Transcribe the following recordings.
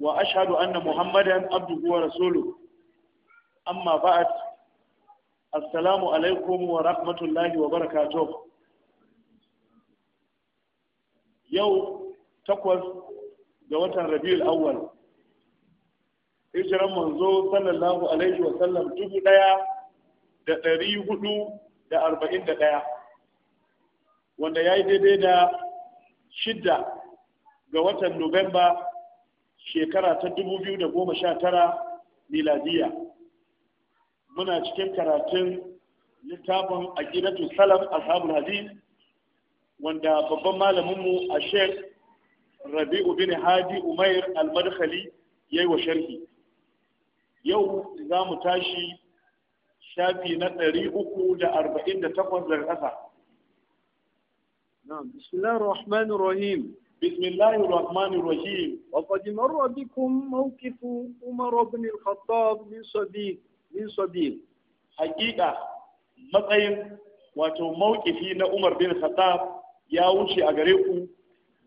wa ashadu an na muhammadan abubuwa wa rasulu an ma ba a ti assalamu alaikum wa rahmatullahi wa barakato yau takwas ga watan rabi'ul awal ishirin manzo sallallahu alaihi wa sallam dubu daya da ɗari huɗu da arba'in da ɗaya, wanda ya yi daidai da shida ga watan nuwamba shekara ta dubu da goma sha 2019 miladiya muna cikin karatun littafin a salam ashabul hadith wanda babban malaminmu a shek rabi'u bin hadi umair al-madkhali yi wa sharhi yau za mu tashi shafi na ɗari uku da 348 daga ƙasa. Bismillahir Rahman Rahim. بسم الله الرحمن الرحيم وقد مر بكم موقف عمر بن الخطاب من صديق من صديق حقيقة مطعم وتو موقفين عمر بن الخطاب يا وشي أغريكو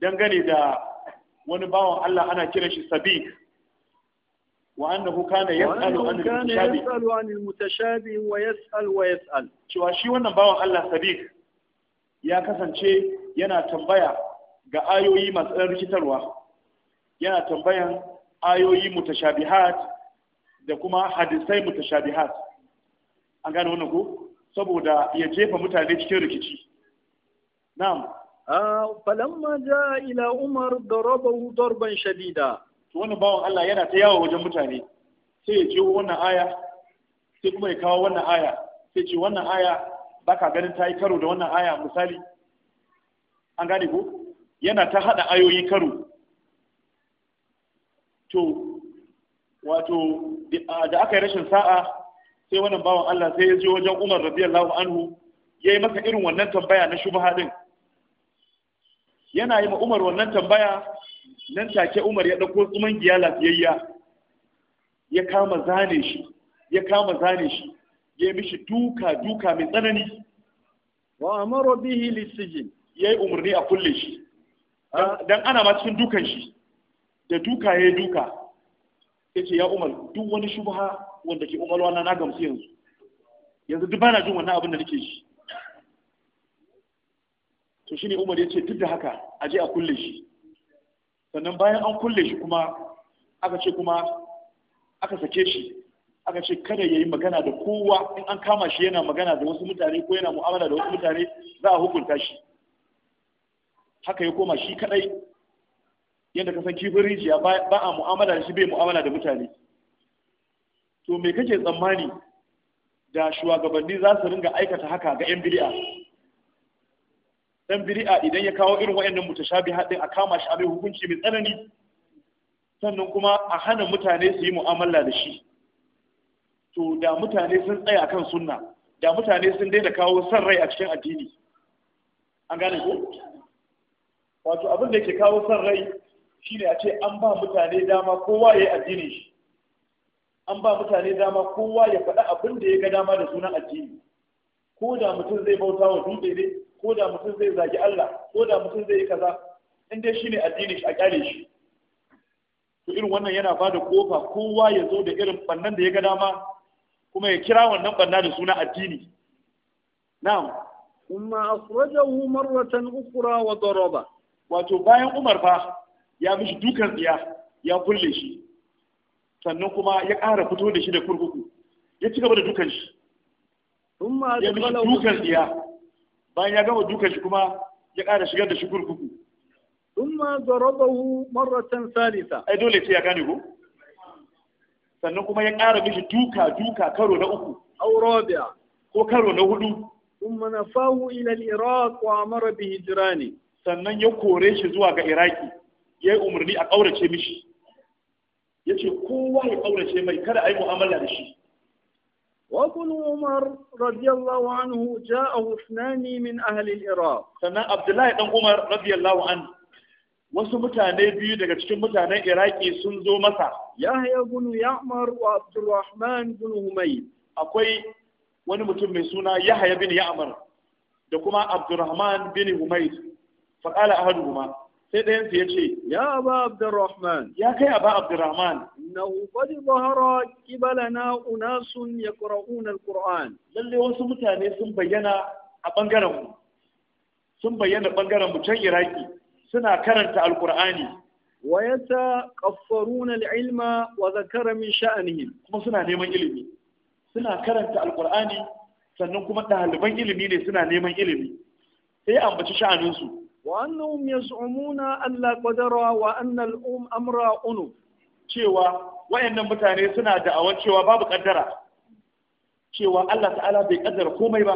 دنغني دا ونباو على أنا كرش صديق وأنه كان يسأل عن المتشابه كان يسأل عن المتشابه ويسأل ويسأل شو أشي ونباو على صديق يا كسان شي ينا تنبايا ga ayoyi masu ɗan rikitarwa yana tambayan ayoyi mutashabihat da kuma hadisai mutashabihat an gane wannan ko saboda ya jefa mutane cikin rikici na'am falamma ja ila umar darabahu darban shadida to wannan bawan Allah yana ta yawo wajen mutane sai ya je wannan aya sai kuma ya kawo wannan aya sai ce wannan aya baka ganin ta yi karo da wannan aya misali an gane ko yana ta haɗa ayoyi karo to wato da aka yi rashin sa'a sai wannan bawan Allah sai ya je wajen Umar radiyallahu anhu ya yi masa irin wannan tambaya na shubha din yana yi ma Umar wannan tambaya nan take Umar ya ɗauko tsuman giya lafiyayya ya kama zane shi ya kama zane shi ya yi mishi duka duka mai tsanani wa amara bihi lisijin yayi umarni a kulle shi dan ana ma cikin dukan shi da duka ya duka yace ce ya umar duk wani shubha wanda ke umarwa na na gamsu yanzu yanzu duk bana jin wannan abin da nake shi to shine umar ya ce duk da haka a je a kulle shi sannan bayan an kulle shi kuma aka ce kuma aka sake shi aka ce kada yayi yi magana da kowa in an kama shi yana magana da wasu mutane ko yana mu'amala da wasu mutane za a hukunta shi haka ya koma shi kadai yadda ka san kifin rijiya ba a mu'amala da shi bai mu'amala da mutane to me kake tsammani da shugabanni za su ringa aikata haka ga yan biri'a dan bili'a idan ya kawo irin wayannan mutashabi haɗin, a kama shi abin hukunci mai tsanani sannan kuma a hana mutane su yi mu'amala da shi to da mutane sun tsaya kan sunna da mutane sun daina kawo son rai a cikin addini an gane ko wato abin da ke kawo son rai shi ne a ce an ba mutane dama kowa ya yi addini shi an ba mutane dama kowa ya faɗa abin da ya ga dama da sunan addini ko da mutum zai bauta wa dutse ne ko da mutum zai zagi Allah ko da mutum zai yi kaza in dai ne addini shi a kyale shi to irin wannan yana ba da kofa kowa ya zo da irin bannan da ya ga dama kuma ya kira wannan banna da sunan addini na'am ثم أخرجه مرة أخرى وضربه wato bayan umar fa ya mishi dukan tsiya ya kulle shi sannan kuma ya ƙara fito da shi da kurkuku ya ci gaba da dukan shi ya mishi dukan tsiya bayan ya gama dukan shi kuma ya ƙara shigar da shi kurkuku thumma darabahu marratan salisa ai dole sai ya gane ko sannan kuma ya ƙara mishi duka duka karo na uku aw ko karo na hudu thumma nafahu ila al-iraq wa amara bi sannan ya kore shi zuwa ga iraki ya yi umarni a ƙaurace mishi ya ce kowa ya ƙaurace mai kada a yi mu'amala da shi وابن عمر رضي الله عنه جاءه اثنان من ahalin العراق Sannan عبد الله بن عمر رضي wasu mutane biyu daga cikin mutanen Iraki sun zo masa Yahya bin Ya'mar wa Abdurrahman bin Humayr akwai wani mutum mai suna Yahya bin Ya'mar da kuma Abdurrahman bin Humayr faƙala ahaduhuma sai ɗayan su ya ce ya ba abdurrahman ya kai aba abdurrahman innahu qad zahara qibalana unasun yaqra'una alquran lalle wasu mutane sun bayyana a bangaren mu sun bayyana bangaren mu can iraki suna karanta alqur'ani wa yataqaffaruna alilma wa zakara min sha'nihim kuma suna neman ilimi suna karanta alqur'ani sannan kuma ɗaliban ilimi ne suna neman ilimi sai ambaci sha'aninsu وأنهم يزعمون أن لا قدر وأن الأم أمر أنو cewa wayannan mutane suna da'awar cewa babu kaddara cewa Allah ta'ala bai kaddara komai ba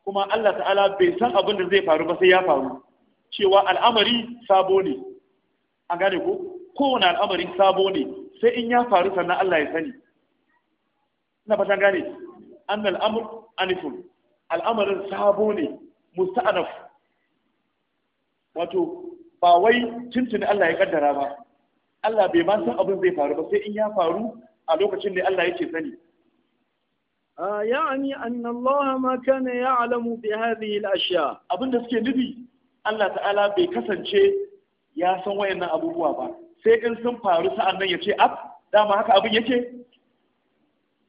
kuma Allah ta'ala bai san abin da zai faru ba sai ya faru cewa al'amari sabo ne an gane ko kowane al'amari sabo ne sai in ya faru sannan Allah ya sani ina fatan gane an al'amur anifun al'amarin sabo ne musta'anaf wato ba wai tuntuni Allah ya kaddara ba Allah bai ma san abin zai faru ba sai in ya faru a lokacin da Allah yake sani يعني أن الله ما bi hadhihi al-ashya abinda suke nufi Allah ta'ala bai kasance ya san wayannan abubuwa ba sai in sun faru nan ya ce ab dama haka abin yake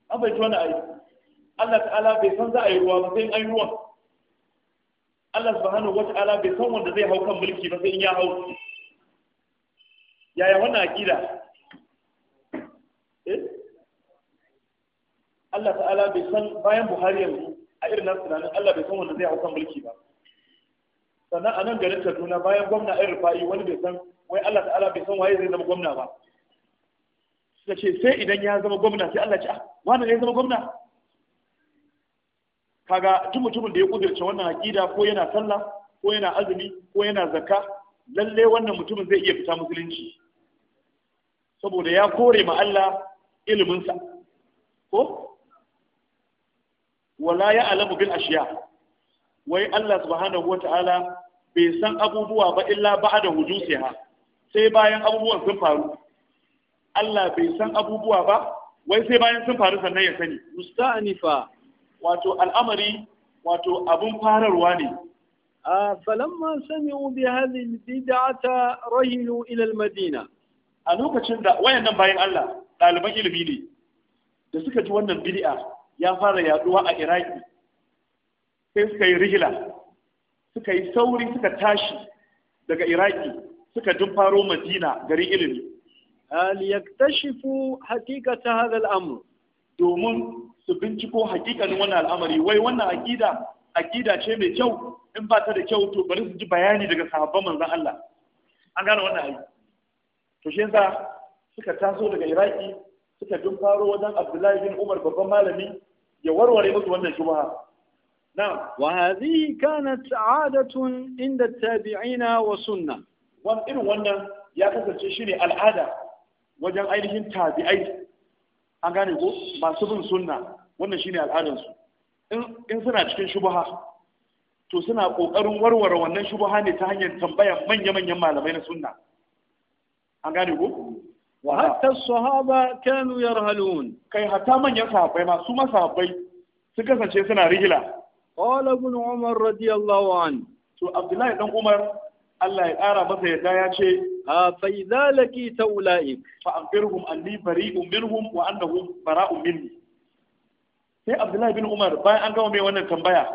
abai tona ai Allah ta'ala bai san za a yi ruwa ba sai in an ruwa. Allah subhanahu ta'ala bai san wanda zai hau kan mulki ba sai in ya hau yaya wannan akida eh Allah ta'ala bai san bayan Buhari yanzu a irin nan tunanin Allah bai san wanda zai hau kan mulki ba sannan a nan garin Kaduna bayan gwamna irin fa'i wani bai san wai Allah ta'ala bai san waye zai zama gwamna ba suka ce sai idan ya zama gwamna sai Allah ce ah wani ne ya zama gwamna kaga duk mutumin da ya kudirce wannan aƙida ko yana sallah ko yana azumi ko yana zakka lalle wannan mutumin zai iya fita musulunci saboda ya kore ma Allah sa ko wala ya alamu bil ashiya wai Allah subhanahu wata'ala bai san abubuwa ba illa ba'da hudusiha sai bayan abubuwan sun faru Allah bai san abubuwa ba wai sai bayan sun faru sannan ya sani musta'anifa wato al'amari wato abun fararwa ne falamma sami'u bi hadhihi bid'ata rahilu ila al-madina a lokacin da wayannan bayan Allah ɗaliban ilimi ne da suka ji wannan bid'a ya fara yaduwa a Iraki sai suka yi rihila suka yi sauri suka tashi daga Iraki suka dun Madina gari ilimi al yaktashifu haqiqata hadha al-amr domin su binciko hakikanin wannan al'amari wai wannan akida akida ce mai kyau in ba ta da kyau to bari su ji bayani daga sahabban manzon Allah an gane wannan ayi to shi yasa suka taso daga Iraki suka dun faro wajen Abdullahi bin Umar babban malami ya warware musu wannan shubha نعم وهذه كانت عادة inda tabi'ina wa irin wannan ya kasance shine al'ada wajen ainihin tabi'ai. an gane ko masu bin sunna wannan shine al'adansu in suna cikin shubaha to suna ƙoƙarin warware wannan shubaha ne ta hanyar tambaya manya-manyan malamai na sunna an gane ko wa hatta sahaba kanu yarhalun kai hatta manyan sahabbai ma su ma sahabbai sun kasance suna rigila qala ibn umar radiyallahu an to abdullahi dan umar Allah ya ƙara masa yadda ya ce fa idza laqita ulaik fa akhbirhum anni bari'un minhum wa annahum bara'un minni sai Abdullahi bin Umar bayan an gama mai wannan tambaya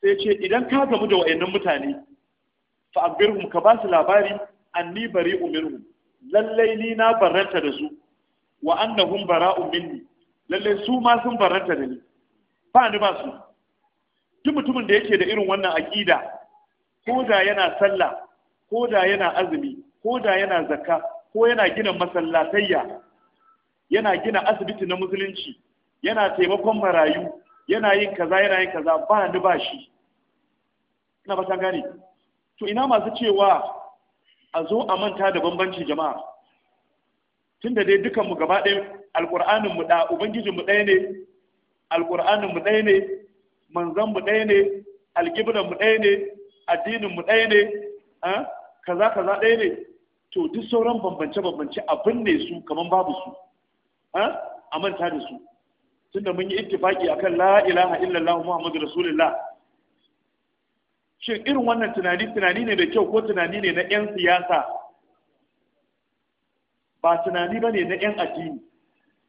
sai ce idan ka gamu da wayannan mutane fa akhbirhum ka ba su labari anni bari'un minhum lallai ni na barranta da su wa annahum bara'un minni lallai su ma sun barranta da ni ba ni ba su duk mutumin da yake da irin wannan aqida ko da yana sallah ko da yana azumi ko da yana zakka ko yana gina masallatayya yana gina asibiti na musulunci yana taimakon marayu yana yin kaza yana yin kaza ba ni ba shi ina ba gane to ina masu cewa a zo a manta da bambanci jama'a tunda dai dukan mu gaba ɗaya alƙur'anin mu da ubangijin mu ɗaya ne alƙur'anin mu ɗaya ne manzon mu ɗaya ne alƙiblan mu ɗaya ne addinin mu ɗaya ne eh, kaza kaza ɗaya ne to duk sauran bambance-bambance abin ne su kaman babu su a manta da su tunda mun yi ittifaki akan la ilaha illallah muhammadu rasulullah shin irin wannan tunani tunani ne da kyau ko tunani ne na 'yan siyasa ba tunani ba ne na 'yan addini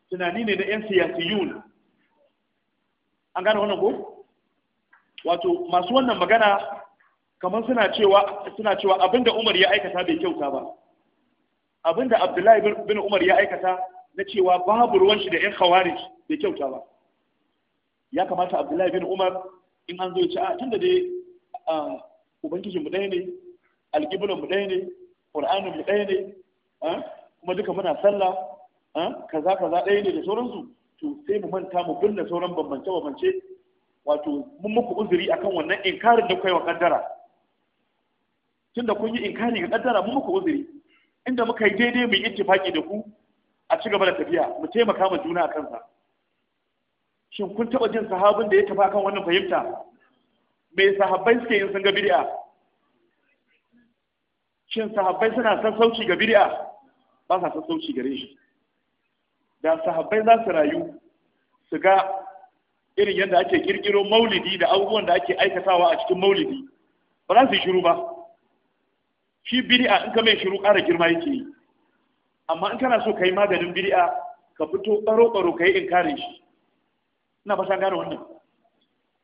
tunani ne na 'yan siyasiyun an gane wannan ko wato masu wannan magana kamar suna cewa suna cewa abinda umar ya aikata bai kyauta ba abinda abdullahi bin umar ya aikata na cewa babu ruwan shi da yan khawarij bai kyauta ba ya kamata abdullahi bin umar in an zo ya ce a ah, tunda dai mu ɗaya ne mu ɗaya ne mu ɗaya ne kuma duka muna sallah kaza kaza ɗaya ne da sauransu to sai mu manta mu binne sauran bambance bambance wato mun muku uzuri akan wannan inkarin da kai wa kaddara tunda kun yi inkari ga kaddara mun muku uzuri inda muka yi daidai mu yi ittifaki da ku a ci gaba da tafiya mu taimaka ma juna a kansa shin kun taɓa jin sahabin da ya tafi akan wannan fahimta me sahabbai suke yin sun ga bid'a shin sahabbai suna sassauci ga bid'a ba sa sassauci gare shi da sahabbai za su rayu su ga irin yadda ake kirkiro maulidi da abubuwan da ake aikatawa a cikin maulidi ba za su yi shiru ba shi bid'a in ka mai shiru ƙara girma yake yi amma in kana so ka yi maganin bid'a ka fito ɓaro ɓaro ka yi in kare shi ina fata gane wannan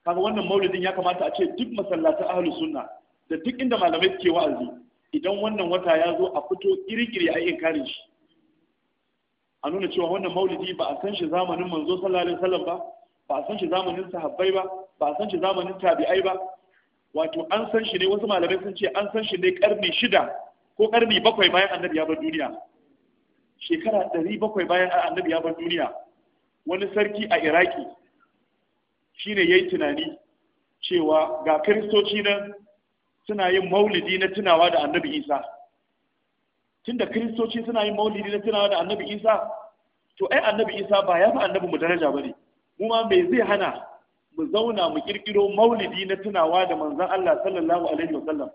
kaga wannan maulidin ya kamata a ce duk masallatan ahlus sunna da duk inda malamai suke wa'azi idan wannan wata ya zo a fito kirkiri a yi in kare shi a nuna cewa wannan maulidi ba a san shi zamanin manzo sallallahu alaihi wasallam ba ba a san shi zamanin sahabbai ba ba a san shi zamanin tabi'ai ba wato an san shi ne wasu malamai sun ce an san shi ne karni shida ko karni bakwai bayan annabi ya bar duniya shekara ɗari bakwai bayan annabi ya bar duniya wani sarki a iraki shine ya yi tunani cewa ga kiristoci nan suna yin maulidi na tunawa da annabi isa tunda kiristoci suna yin maulidi na tunawa da annabi isa to ai annabi isa ba ya fi annabi mu daraja ba ne mu ma me zai hana mu zauna mu kirkiro maulidi na tunawa da manzon Allah sallallahu alaihi wa sallam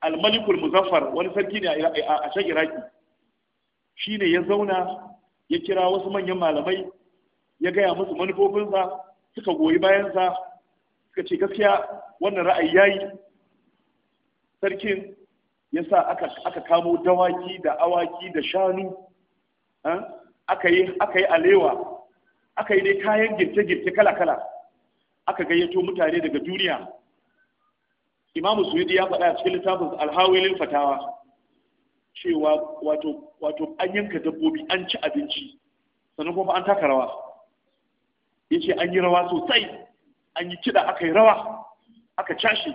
al-malikul muzaffar wani sarki ne a shan iraki shine ya zauna ya kira wasu manyan malamai ya gaya musu manufofinsa suka goyi bayansa suka ce gaskiya wannan ra'ayi yayi sarkin ya sa aka kamo dawaki da awaki da shanu eh, aka yi alewa aka yi dai kayan girke-girke kala-kala aka gayyato mutane daga duniya imamu suyudi ya faɗa cikin littafin alhawilin fatawa cewa wato an yanka dabbobi an ci abinci sannan kuma an taka rawa ya ce an yi rawa sosai an yi kiɗa aka yi rawa aka cashe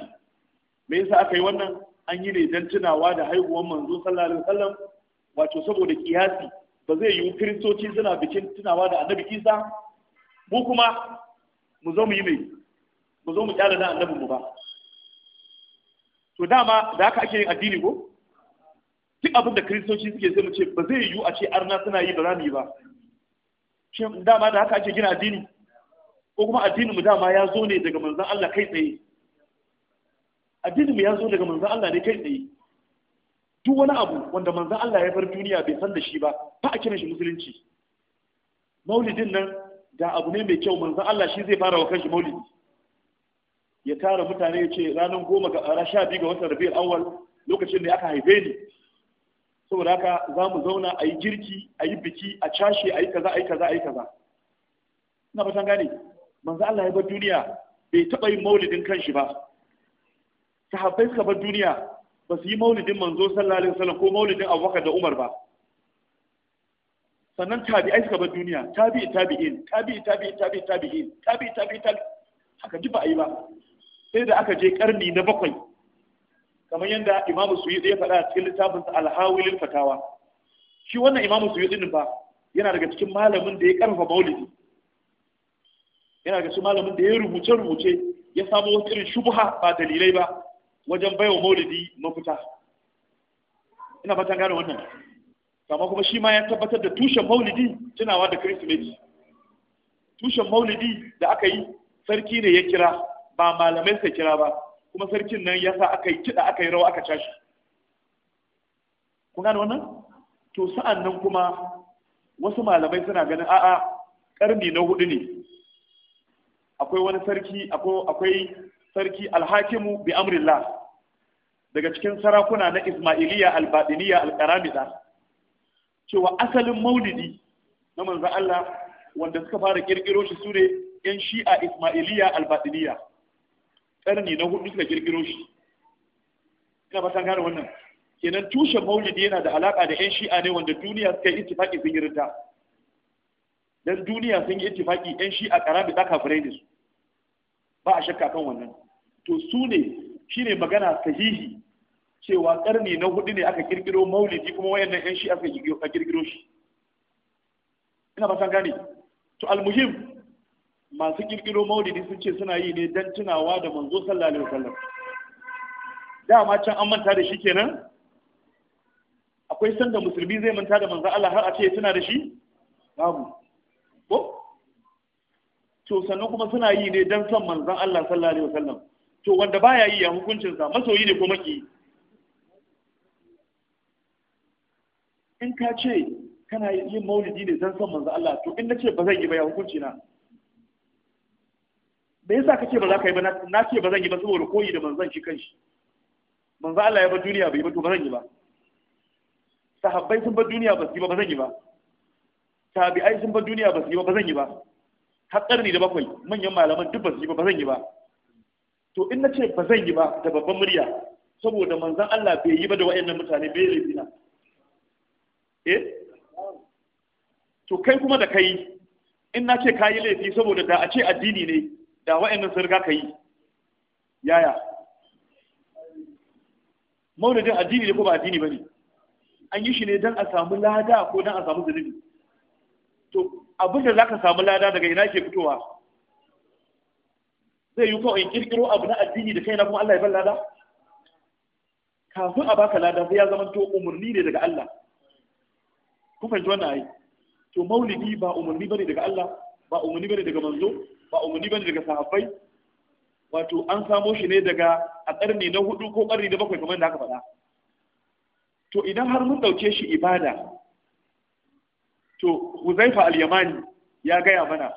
me yasa aka yi wannan an yi ne don tunawa da haihuwar manzo sallallahu alaihi wasallam wato saboda kiyasi ba zai yiwu kiristoci suna bikin tunawa da annabi isa mu kuma mu zo mu yi mai mu zo mu kyara na annabin mu ba to dama da haka ake yin addini ko duk abin da kristoci suke sai mu ce ba zai yiwu a ce arna suna yi ba za mu yi ba shin dama da haka ake gina addini ko kuma addinin mu dama ya zo ne daga manzon Allah kai tsaye addinin mu ya zo daga manzon Allah ne kai tsaye duk wani abu wanda manzon Allah ya bar duniya bai san da shi ba ba a kiran shi musulunci maulidin nan da abu ne mai kyau manzan Allah shi zai fara wa kanshi maulidi ya tara mutane ya ce ranar goma ga sha biyu ga watan rabiul awwal lokacin da aka haife ni saboda haka za mu zauna a yi girki a yi biki a cashe a yi kaza a yi kaza a yi kaza ina fatan gane manzan Allah ya bar duniya bai taba yin maulidin kanshi ba sahabbai suka bar duniya ba su yi maulidin manzo sallallahu alaihi wasallam ko maulidin abubakar da umar ba sannan tabi'ai suka bar duniya tabi'i tabi'in tabi tabi tabi tabi'in tabi tabi tabi'i aka ji ba a yi ba sai da aka je karni na bakwai kamar yadda imamu suyuɗi ya faɗa a cikin littafin sa alhawilil fatawa shi wannan imamu suyuɗi din ba yana daga cikin malamin da ya karfa maulidi yana daga cikin malamin da ya rubuce rubuce ya samu wata irin shubha ba dalilai ba wajen baiwa maulidi mafita ina fatan gane wannan kama kuma shi ma ya tabbatar da tushen maulidi tunawa da Kirsimeti. Tushen maulidi da aka yi sarki ne ya kira ba malamai sai kira ba kuma sarkin nan ya sa aka yi kiɗa aka yi rawa aka tashi. Kun gane wannan? To sa'an nan kuma wasu malamai suna ganin a'a ƙarni na hudu ne. Akwai wani sarki, akwai sarki alhakimu bi amrillah daga cikin sarakuna na Ismailiyya albadiniya badiniyya cewa asalin maulidi na manzan Allah wanda suka fara kirkiro shi su ne ‘yan shi'a Ismailiyya albatiniya ƙarni na hudu suka kirkiro shi. Ina ba gane wannan. Kenan tushen maulidi yana da alaƙa da ‘yan shi'a ne wanda duniya suka yi itifaki sun yi rinta. don duniya sun yi itifaki ‘yan shi'a ƙarabi ɗaka kafirai ne su. Ba a shakka kan wannan. To su ne shi ne magana sahihi cewa karni na hudu ne aka kirkiro maulidi kuma wayan nan shi aka kirkiro shi ina ba san gane to almuhim masu kirkiro maulidi sun ce suna yi ne don tunawa da manzo sallallahu alaihi wasallam dama can an manta da shi kenan akwai sanda musulmi zai manta da manzo Allah har a ce suna da shi babu ko to sannan kuma suna yi ne don son manzo Allah sallallahu alaihi wasallam to wanda baya yi ya hukuncin sa masoyi ne ko maki in ka ce kana yin maulidi ne don son manzo Allah to in na ce ba zan yi ba ya hukunci na me yasa kace ba za ka yi ba na ce ba zan yi ba saboda koyi da manzon shi kanshi manzo Allah ya ba duniya bai ba to ba zan yi ba sahabbai sun ba duniya ba su yi ba ba zan yi ba tabi'ai sun ba duniya ba su yi ba ba zan yi ba har karni da bakwai manyan malaman duk ba su yi ba ba zan yi ba to in na ce ba zan yi ba da babban murya saboda manzon Allah bai yi ba da wa'annan mutane bai yi zina eh to kai kuma da kai in na ce kayi laifi saboda da a ce addini ne da wa'annan sun riga ka yi yaya maulidin addini ne ko ba addini ba ne an yi shi ne don a samu lada ko don a samu zunubi to abin da za ka samu lada daga ina ke fitowa zai yi kawai kirkiro abu na addini da kaina kuma Allah ya ban lada kafin a baka lada sai ya zama to umarni ne daga Allah Ku fahimci wannan ayi to maulidi ba umarni bane daga Allah ba umarni bane daga manzo ba umarni bane daga sahabbai wato an samo shi ne daga a ƙarni na hudu ko ƙarni na bakwai kamar da aka faɗa to idan har mun ɗauke shi ibada to huzaifa al-yamani ya gaya mana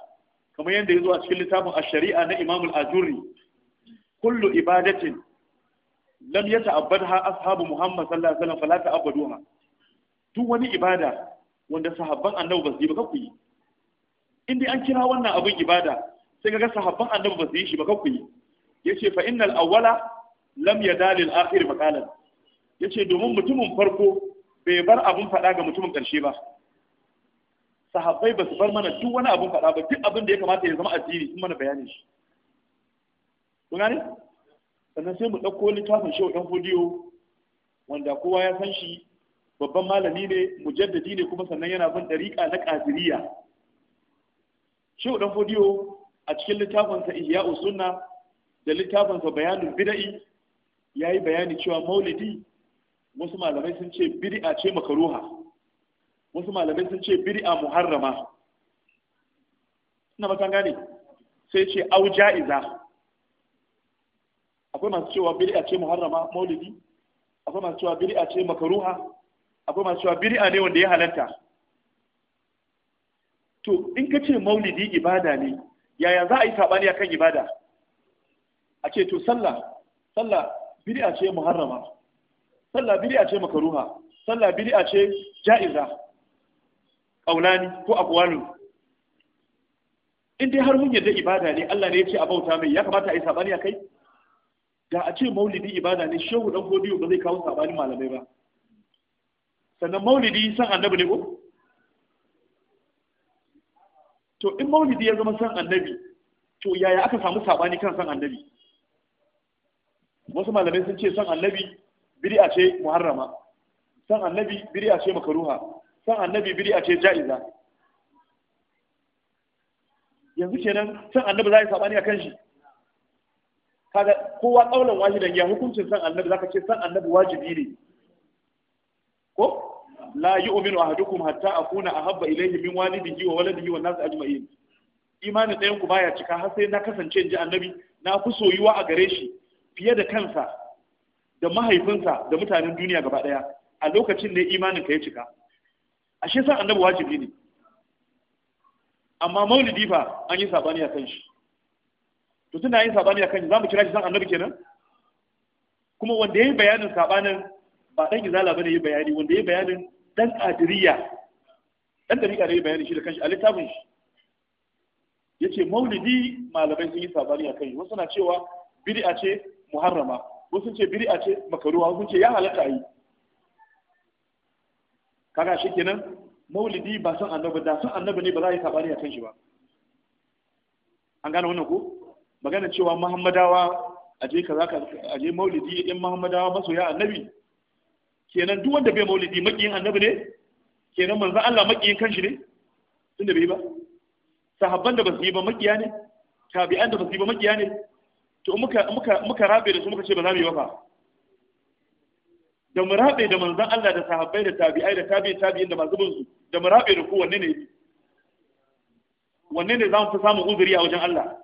kamar yadda ya zo a cikin littafin ash-shari'a na imamul azuri kullu ibadatin lam yata'abbadha ashabu muhammad sallallahu alaihi wasallam fala ta'abbaduha duk wani ibada wanda sahabban annabi ba su yi ba kakuyi, in dai an kira wannan abin ibada sai kaga sahabban annabi ba su yi shi ba kakuyi. Ya yace fa innal awwala lam yadalil akhir ya yace domin mutumin farko bai bar abin faɗa ga mutumin ƙarshe ba sahabbai ba su bar mana duk wani abin faɗa ba duk abin da ya kamata ya zama addini sun mana bayanin shi kun gane sannan sai mu ɗauko littafin shehu ɗan fodiyo wanda kowa ya san shi babban malami ne mujaddadi ne kuma sannan yana bin dariƙa na ƙadiriya shehu dan fodiyo a cikin littafinsa ihya'u sunna da littafinsa bayanul bid'i yayi bayani cewa maulidi wasu malamai sun ce bid'a ce makaruha wasu malamai sun ce bid'a muharrama ina ba gane sai ce au ja'iza akwai masu cewa bid'a ce muharrama maulidi akwai masu cewa bid'a ce makaruha akwai masu cewa bid'a ne wanda ya halatta to in ka ce maulidi ibada ne yaya za a yi a akan ibada a ce to sallah sallah biri'a ce muharrama sallah biri'a ce makaruha sallah biri'a ce ja'iza ƙaunani ko aqwalu in dai har mun yadda ibada ne Allah ne ya ce a bauta mai ya kamata a yi saɓani a kai? da a ce maulidi ibada ne shehu dan kodiyo ba zai kawo saɓani malamai ba sannan maulidi san annabi ne ko to in maulidi ya zama san annabi to yaya aka samu sabani kan san annabi wasu malamai sun ce san annabi bid'a ce muharrama san annabi bid'a ce makaruha san annabi bid'a ce ja'iza yanzu kenan san annabi za a yi sabani akan shi kaga kowa kaulan wahidan ya hukuncin san annabi zaka ce san annabi wajibi ne ko la yu'minu ahadukum hatta akuna ahabba ilayhi min walidihi wa waladihi wa nas ajma'in imanin ɗayan ku baya cika har sai na kasance in ji annabi na fi soyuwa a gare shi fiye da kansa da mahaifinsa da mutanen duniya gaba ɗaya a lokacin ne imanin ka ya cika ashe san annabi wajibi ne amma maulidi fa an yi sabani a kan shi to tunda yin sabani a kan shi zamu kira shi san annabi kenan kuma wanda yayi bayanin sabanin ba dan izala ya yi bayani wanda yayi bayanin dan kadiriya dan dariya ne bayani shi da kanshi a littafin shi yace maulidi malamai sun yi sabari a kai wasu na cewa bid'a ce muharrama wasu ce bid'a ce makaruwa wasu ce ya halatta yi kaga kenan maulidi ba san annabi da san annabi ne ba za a yi sabari a kanshi shi ba an gane wannan ko magana cewa muhammadawa aje kaza aje maulidi in muhammadawa masoya annabi kenan duk wanda bai maulidi makiyin annabi ne kenan manzo Allah makiyin kanshi ne tunda bai ba sahabban da basu yi ba makiya ne tabi'an da basu yi ba makiya ne to muka muka muka rabe da su muka ce ba za mu yi ba da mu rabe da manzon Allah da sahabbai da tabi'ai da tabi'in tabi'in da masu bin su da mu rabe da ku wanne ne wanne ne za mu fi samun uzuri a wajen Allah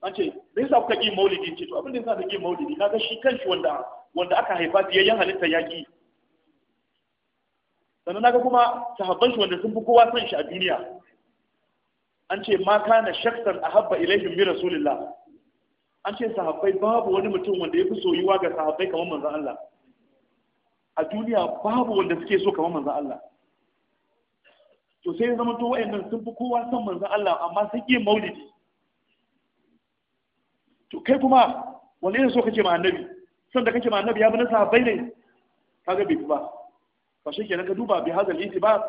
an ce zai sa kuka ƙi maulidi ce to abin da yasa da ƙi maulidi kaga shi kanshi wanda wanda aka haifa fiyayyen halittar yaƙi sannan naga kuma sahabban shi wanda sun fi kowa son shi a duniya an ce ma kana shaksan ahabba ilaihim bi rasulillah an ce sahabbai babu wani mutum wanda ya fi soyuwa ga sahabbai kamar manzan Allah a duniya babu wanda suke so kamar manzan Allah to sai zama to wayannan sun fi kowa son manzan Allah amma sun yi maulidi to kai kuma wanda ya so kace ma annabi son da kake ma annabi ya bi na sahabbai ne kaga bai ba ba shi kenan ka duba bi hazal ba.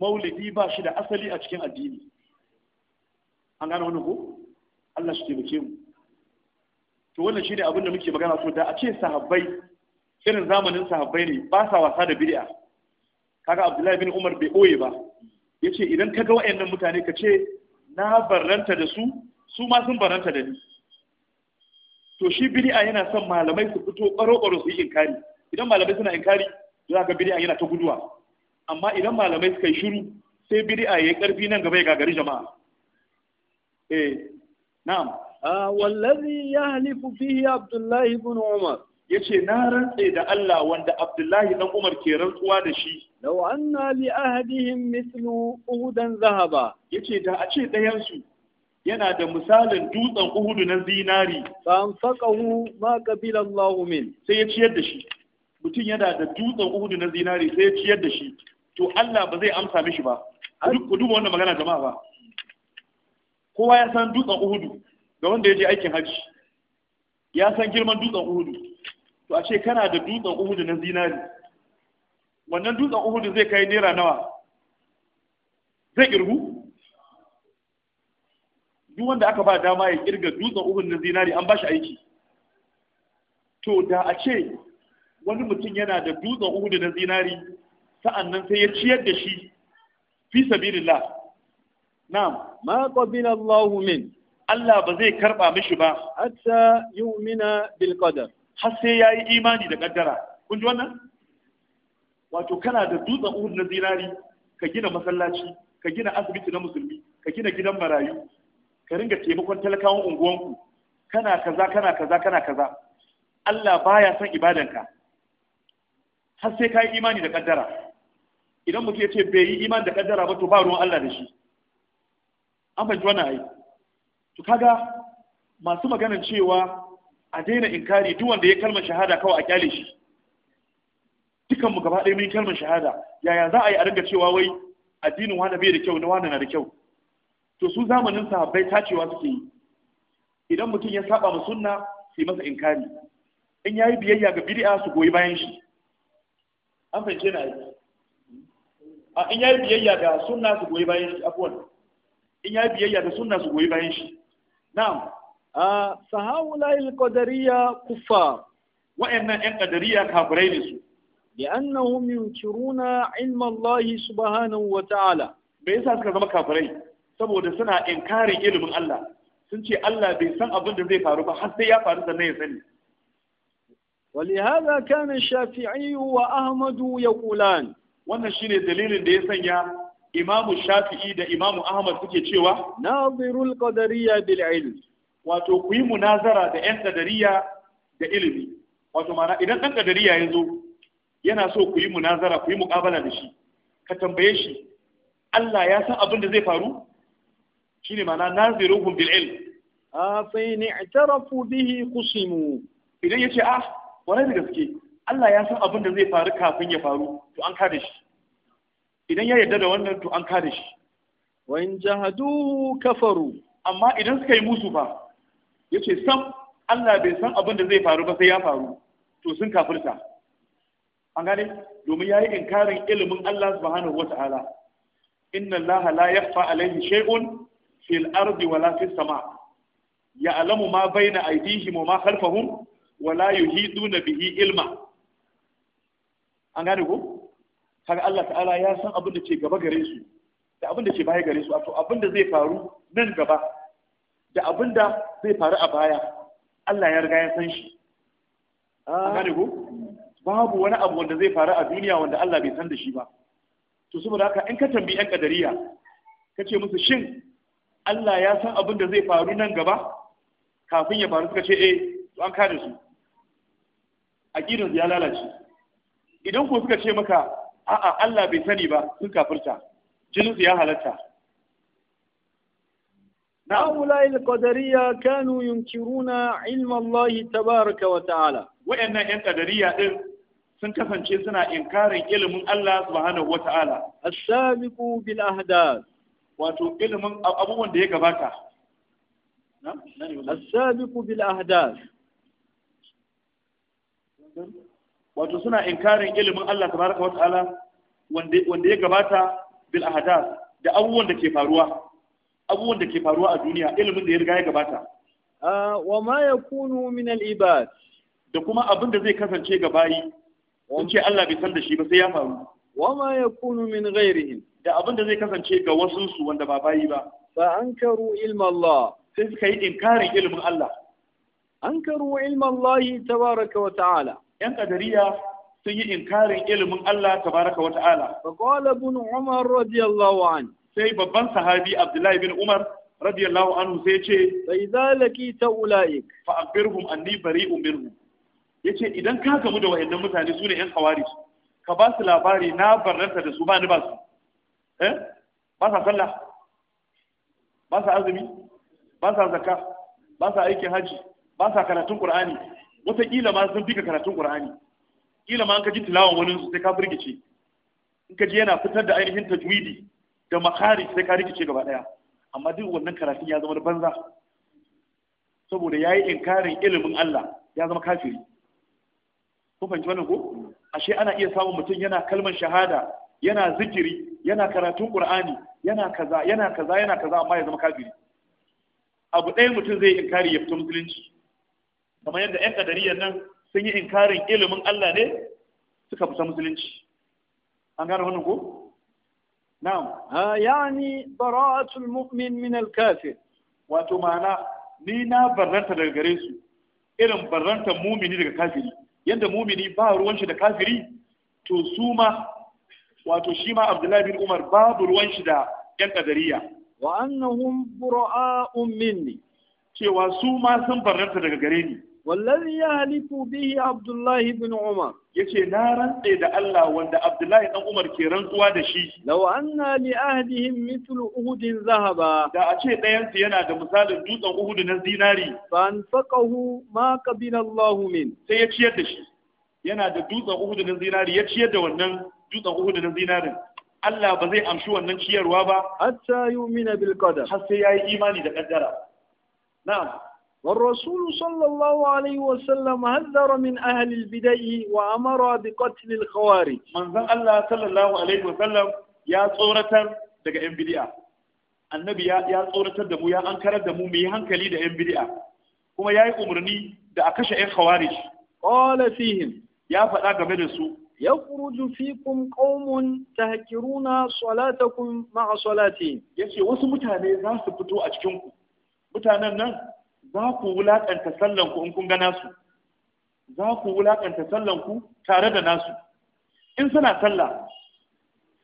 maulidi ba shi da asali a cikin addini an gane wannan ko Allah shi taimake mu to wannan shine abin da muke magana so da a ce sahabbai irin zamanin sahabbai ne ba sa wasa da bid'a kaga Abdullahi bin Umar bai boye ba yace idan kaga wayannan mutane ka ce na barranta da su su ma sun barranta da ni to shi bid'a yana son malamai su fito ƙwaro-ƙwaro su yi inkari idan malamai suna inkari za ka bid'a yana ta guduwa amma idan malamai suka yi shiru sai bid'a ya ƙarfi nan gaba ya gagari jama'a eh na'am wallazi yahlifu fihi abdullahi ibn umar yace na rantse da Allah wanda abdullahi dan umar ke rantsuwa da shi law anna li ahadihim mithlu uhudan zahaba yace da a ce dayan su yana da misalin dutsen uhudu na zinari fa anfaqahu ma kabila Allahu min sai ya ciyar da shi mutum yana da dutsen uhudu na zinari sai ya ciyar da shi to Allah ba zai amsa mishi ba ku duba wannan magana jama'a ba kowa ya san dutsen uhudu ga wanda ya je aikin hajji ya san girman dutsen uhudu to a ce kana da dutsen uhudu na zinari wannan dutsen uhudu zai kai naira nawa zai kirgu duk wanda aka ba dama ya kirga dutsen uhun na zinari an ba shi aiki to da a ce wani mutum yana da dutsen uhun na zinari sa'annan sai ya ciyar da shi fi sabilillah na'am ma qabila Allah min Allah ba zai karba mishi ba hatta yu'mina bil qadar har sai yayi imani da kaddara kun ji wannan wato kana da dutsen uhun na zinari ka gina masallaci ka gina asibiti na musulmi ka gina gidan marayu ka ringa taimakon talakawan unguwanku kana kaza kana kaza kana kaza Allah baya son ibadanka har sai ka yi imani da kaddara idan mutum ya ce bai yi imani da kaddara ba to ba ruwan Allah da shi an fahimci wannan ai to kaga masu maganar cewa a daina inkari duk wanda ya kalmar shahada kawai a kyale shi dukan mu gaba ɗaya mun kalmar shahada yaya za a yi a ringa cewa wai addinin wani bai da kyau na wani na da kyau to su zamanin sahabbai tacewa suke yi idan mutum ya saba ma sunna sai masa inkari in yayi biyayya ga bid'a su goyi bayan shi an fahimce na yi. a in yayi biyayya ga sunna su goyi bayan shi afwan in yayi biyayya ga sunna su goyi bayan shi na'am a sahaula al qadariyya kuffar wa'annan yan qadariya kafirai ne su ilma ينكرون subhanahu wa ta'ala Me yasa suka zama kafirai saboda suna inkarin ilimin Allah sun ce Allah bai san abin da zai faru ba har sai ya faru sannan ya sani ولهذا كان الشافعي وأحمد يقولان wannan shine dalilin da ya sanya imamu shafi'i da imamu ahmad suke cewa nazirul qadariyya bil ilm wato ku yi munazara da yan qadariyya da ilimi wato mana idan ɗan qadariyya ya zo yana so ku yi munazara ku yi muqabala da shi ka tambaye shi Allah ya san abin da zai faru shine ma'ana naziruhum bil ilm fa in i'tarafu bihi qusimu idan yace ah wannan da gaske Allah ya san abin da zai faru kafin ya faru to an kada shi idan ya yarda da wannan to an kada shi wa in jahadu kafaru amma idan suka yi musu fa yace sam Allah bai san abin da zai faru ba sai ya faru to sun kafirta an gane domin yayi inkarin ilimin Allah subhanahu wata'ala inna Allah la yakhfa alaihi shay'un fil ardi wala fis sama ya'lamu ma baina aydihim wa ma khalfahum wala yuhiduna bihi ilma an gane ko kaga Allah ta'ala ya san abin da ke gaba gare da abin da ke baya gare su wato abin da zai faru nan gaba da abin da zai faru a baya Allah ya riga ya san shi an gane ko babu wani abu wanda zai faru a duniya wanda Allah bai san da shi ba to saboda haka in ka tambayi yan kadariya ce musu shin Allah ya san abin da zai faru nan gaba kafin ya faru suka ce eh to an kada su aqidar ya lalace idan ku suka ce maka a'a Allah bai sani ba sun kafirta jinin su ya halatta هؤلاء القدرية كانوا ينكرون علم الله تبارك وتعالى وإن القدرية sun kasance suna inkarin ilimin Allah subhanahu wata'ala as-sabiqu bil wato ilimin abubuwan da ya gabata as-sabiqu bil ahdath wato suna inkarin ilimin Allah tabaraka wa ta'ala wanda wanda ya gabata bil ahdath da abubuwan da ke faruwa abubuwan da ke faruwa a duniya ilimin da ya riga ya gabata ah, wa ma yakunu min al ibad da kuma abin da zai kasance ga bayi ce Allah bai san da shi ba sai ya faru wa ma yakunu min ghairihim da abin da zai kasance ga wasu su wanda ba bayi ba fa ankaru ilma Allah sai suka yi inkarin ilmin Allah ankaru ilma Allah tabaraka wa ta'ala yan kadariya sun yi inkarin ilmin Allah tabaraka wa ta'ala fa qala ibn Umar radiyallahu anhu sai babban sahabi Abdullahi bin Umar radiyallahu anhu sai ce sai zalaki ta ula'ik fa akhbirhum anni bari'un minhum yace idan ka gamu da wayannan mutane su ne yan hawari ka ba su labari na barranta da su ba ni ba su eh ba sa sallah ba sa azumi ba sa zakka ba sa aikin haji ba sa karatun qur'ani kila ma sun fika karatun qur'ani kila ma an ka ji tilawan wani su sai ka burgice in ka ji yana fitar da ainihin tajwidi da makari sai ka rikice gaba daya amma duk wannan karatun ya zama banza saboda yayi inkarin ilimin Allah ya zama kafiri kun fahimci wannan ko ashe ana iya samun mutum yana kalmar shahada yana zikiri yana karatun qur'ani yana kaza yana kaza yana kaza amma ya zama kafiri abu ɗaya mutum zai inkari ya fito musulunci kamar yadda ƴan kadariyar nan sun yi inkarin ilimin Allah ne suka fita musulunci an gane wannan ko yani bara'atul mu'min min al-kafir wato ma'ana ni na barranta daga gare su irin barranta mumini daga kafiri yanda mumini ba ruwan shi da kafiri to su ma wato shi ma Abdullahi bin Umar babu ruwan shi da yan kadariya wa annahum bura'a'un minni cewa su ma sun barranta daga gare ni wallazi ya halifu bihi abdullahi bin umar yace na rantse da Allah wanda abdullahi dan umar ke rantsuwa da shi law anna li ahdihim mithlu uhudin zahaba da a ce ɗayan su yana da misalin dutsen uhud na zinari fa anfaqahu ma qabila Allah min sai ya ciyar da shi yana da dutsen uhud na zinari ya ciyar da wannan dutsen uhud na zinarin Allah ba zai amshi wannan ciyarwa ba hatta yu'mina bil qadar har sai yayi imani da kaddara na'am والرسول صلى الله عليه وسلم حذر من أهل البدع وأمر بقتل الخوارج من ذا الله صلى الله عليه وسلم يا صورة دقا إن بدعة النبي يا صورة دمو يا أنكر دمو ميهان كلي دا إن بدعة كما يا أمرني دا أكشا إن خوارج قال فيهم يا فتا قبل سوء يخرج فيكم قوم تهكرون صلاتكم مع صلاتهم يسي وسمتها لي ناس تبتو أتكنكم متانا ناس za ku wulaƙanta sallanku in kun ga nasu za ku wulaƙanta sallanku tare da nasu in suna sallah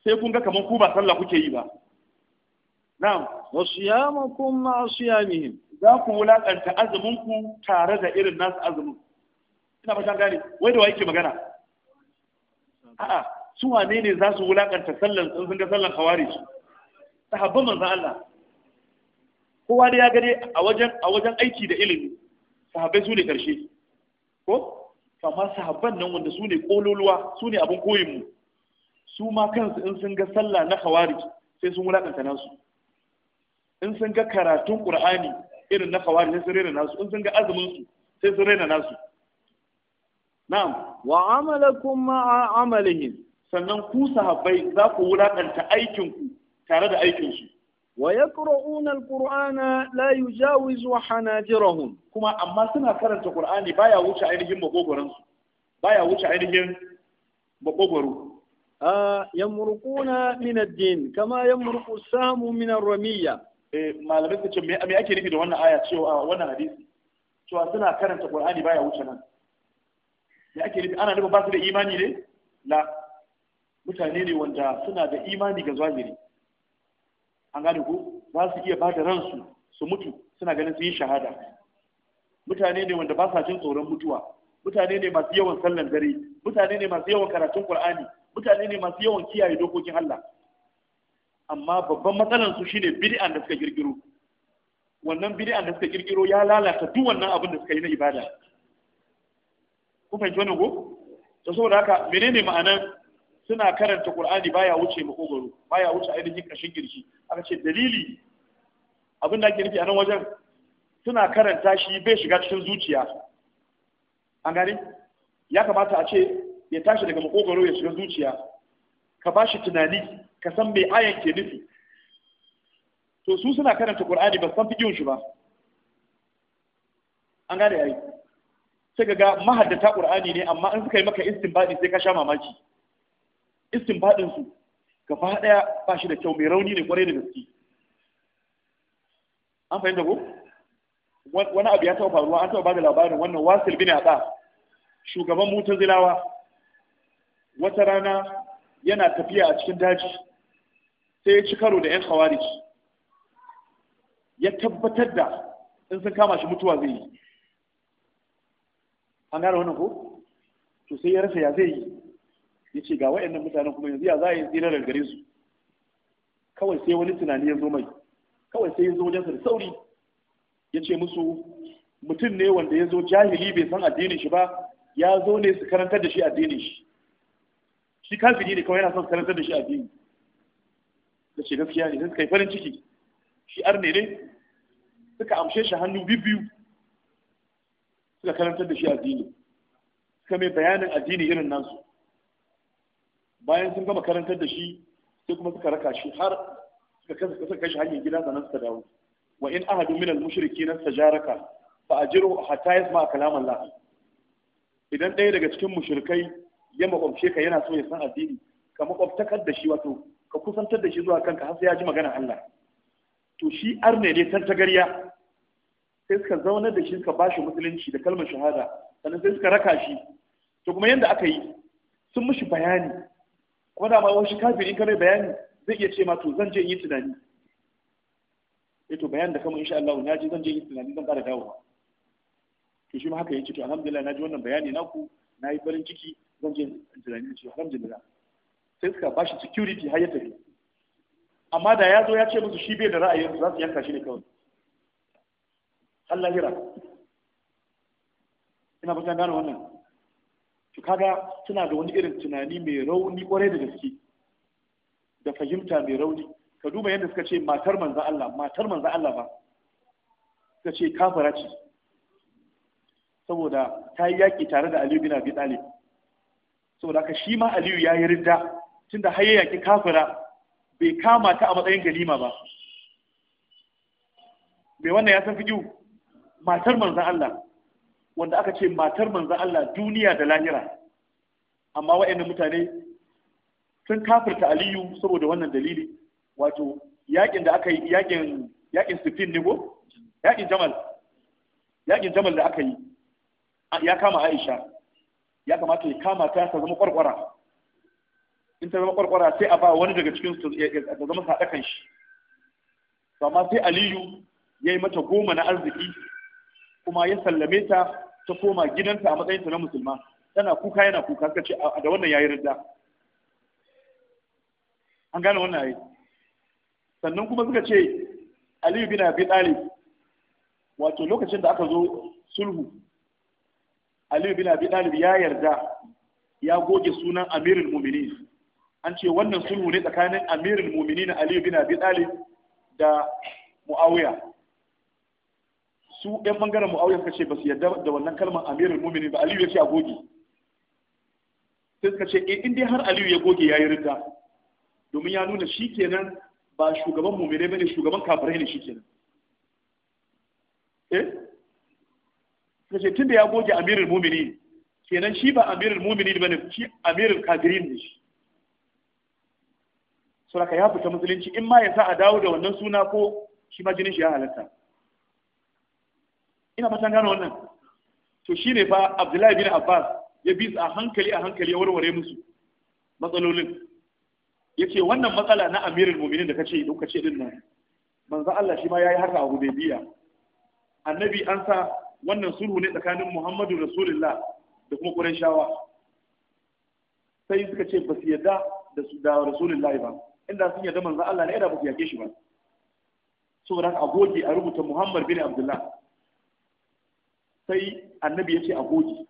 sai kun ga kamar ku ba sallah kuke yi ba na'am wa siyamakum ma siyamihim za ku wulaƙanta azuminku tare da irin nasu azumin ina fatan gane wai da wa yake magana a'a su wane ne za su wulaƙanta sallan sun ga sallan kawari sahabban manzon Allah kowa da ya gane a wajen a wajen aiki da ilimi sahabbai su ne karshe ko amma sahabban nan wanda su ne kololuwa su ne abin koyin mu su ma kansu in sun ga sallah na khawarij sai sun wulakanta nasu in sun ga karatun qur'ani irin na khawarij sai sun rena nasu in sun ga azumin su sai sun rena nasu na'am wa amalakum ma'a amalihim sannan ku sahabbai za ku wulakanta aikin ku tare da aikin su ويقرؤون القرآن لا يجاوز حناجرهم كما أما سنة كرنت القرآن بايا وش عينهم مقوبرن بايا وش عينهم مقوبرو آه يمرقون من الدين كما يمرق السهم من الرمية malamai suka ce me ake nufi da wannan aya cewa wannan hadisi cewa suna karanta Qur'ani baya wuce nan me ake nufi ana nufin ba su da imani ne la mutane ne wanda suna da imani ga zahiri an gane ku za su iya ba da ransu su mutu suna ganin su yi shahada mutane ne wanda ba sa jin tsoron mutuwa mutane ne masu yawan sallan dare mutane ne masu yawan karatun ƙur'ani. mutane ne masu yawan kiyaye dokokin Allah amma babban matsalan su shine bid'a da suka girgiro. wannan bid'an da suka girgiro ya lalata duk wannan abin da suka yi na ibada ku fahimci wannan ko to saboda haka menene ma'anar suna karanta Qur'ani baya wuce makogoro baya wuce ainihin kashin girki aka ce dalili abin da ake nufi a nan wajen suna karanta shi bai shiga cikin zuciya an gane ya kamata a ce ya tashi daga makogoro ya shiga zuciya ka ba shi tunani ka san mai ayan ke nufi to su suna karanta Qur'ani ba san fikin shi ba an gane ai sai ga mahaddata Qur'ani ne amma in suka yi maka istinbadi sai ka sha mamaki Istin su gaba daya ba shi da kyau mai rauni ne kwarai da gaske an fahimta ko wani abu ya taɓa faruwa an taɓa ba da labarin wannan wasil bin ada shugaban mutazilawa wata rana yana tafiya a cikin daji sai ya ci karo da 'yan khawarij ya tabbatar da in sun kama shi mutuwa zai yi an gane wannan ko to sai ya rasa ya zai yi ya ce ga wa'annan mutanen kuma yanzu ya za a yi tsira daga gare su kawai sai wani tunani ya zo mai kawai sai ya zo wajensa da sauri ya ce musu mutum ne wanda ya zo jahili bai san addinin shi ba ya zo ne su karantar da shi addinin shi shi kafiri ne kawai yana son su karantar da shi addini da ce gaskiya ne suka yi farin ciki shi arne ne suka amshe shi hannu biyu suka karantar da shi addini suka mai bayanin addini irin nasu bayan sun gama karantar da shi sai kuma suka raka shi har suka kasa kashi hanyar gida sannan suka dawo wa in ahadu min al mushrikin sajaraka fa ajiru hatta yasma kalam Allah idan ɗaya daga cikin mushrikai ya makwabce ka yana so ya san addini ka makwabtakar da shi wato ka kusantar da shi zuwa kanka har sai ya ji magana Allah to shi arne ne tagarya sai suka zaunar da shi suka bashi musulunci da kalmar shahada sannan sai suka raka shi to kuma yanda aka yi sun mishi bayani kuma da ma wani kafiri kare bayani zai iya ce ma to zan je in yi tunani eh to bayan da kuma insha Allah na ji zan je in yi tunani zan ƙara dawowa to shi ma haka yake to alhamdulillah na ji wannan bayani ku na yi farin ciki zan je in tunani shi alhamdulillah sai suka ba shi security har ya tafi amma da ya zo ya ce musu shi bai da ra'ayin za su yanka shi ne kawai Allah hira ina fata gane wannan to kaga suna da wani irin tunani mai rauni kwarai da gaske da fahimta mai rauni ka duba yadda suka ce matar manzo Allah matar manzo Allah ba suka ce kafara ce saboda ta yi yaƙi tare da Aliyu bin Abi Talib saboda haka shi ma Aliyu ya yi ridda tunda har ya kafara kafira bai kama ta a matsayin galima ba mai wannan ya san fi fiƙiu matar manzan Allah wanda aka ce matar manzan Allah duniya da lahira amma wa'annan mutane sun kafirta aliyu saboda wannan dalili wato yakin da aka yi yakin yakin sifin ne ko yakin jamal yakin jamal da aka yi ya kama aisha ya kamata ya kama ta ta zama kwarkwara in ta zama kwarkwara sai a ba wani daga cikin su ya zama sadakan shi amma sai aliyu ya yi mata goma na arziki kuma ya sallame ta ta koma gidanta a matsayinta na musulma tana kuka yana kuka suka ce da wannan yayi ridda an gane wannan yayi sannan kuma suka ce Aliyu bin Abi Talib wato lokacin da aka zo sulhu Aliyu bin Abi Talib ya yarda ya goge sunan Amirul Mu'minin an ce wannan sulhu ne tsakanin Amirul Mu'minin Aliyu bin Abi Talib da Muawiya su ɗan ɓangaren mu'awiyar suka ce ba su yarda da wannan kalmar amirin muminin ba aliyu ya ce a goge sai suka ce eh, in dai har aliyu ya goge ya yi rinta domin ya nuna shi kenan ba shugaban mummini ba ne shugaban kafirai ne shi kenan eh suka ce tun da ya goge amirin mumini kenan shi ba amirin mumini ba ne shi amirin kafirin ne shi saboda ya fita musulunci in ma ya sa a dawo da wannan suna ko shi ma jinin shi ya halatta ina fatan gano wannan to shine fa Abdullahi bin Abbas ya bi a hankali a hankali ya warware musu matsalolin yace wannan matsala na Amirul Mu'minin da kace duka ce din nan manzo Allah shi ma yayi harka a Hudaybiya annabi an sa wannan sulhu ne tsakanin Muhammadu Rasulullah da kuma Qurayshawa sai suka ce ba su yadda da su da Rasulullahi ba inda sun yadda manzo Allah ne da ba su yake shi ba saboda a goge a rubuta Muhammad bin Abdullah sai annabi ya ce a goge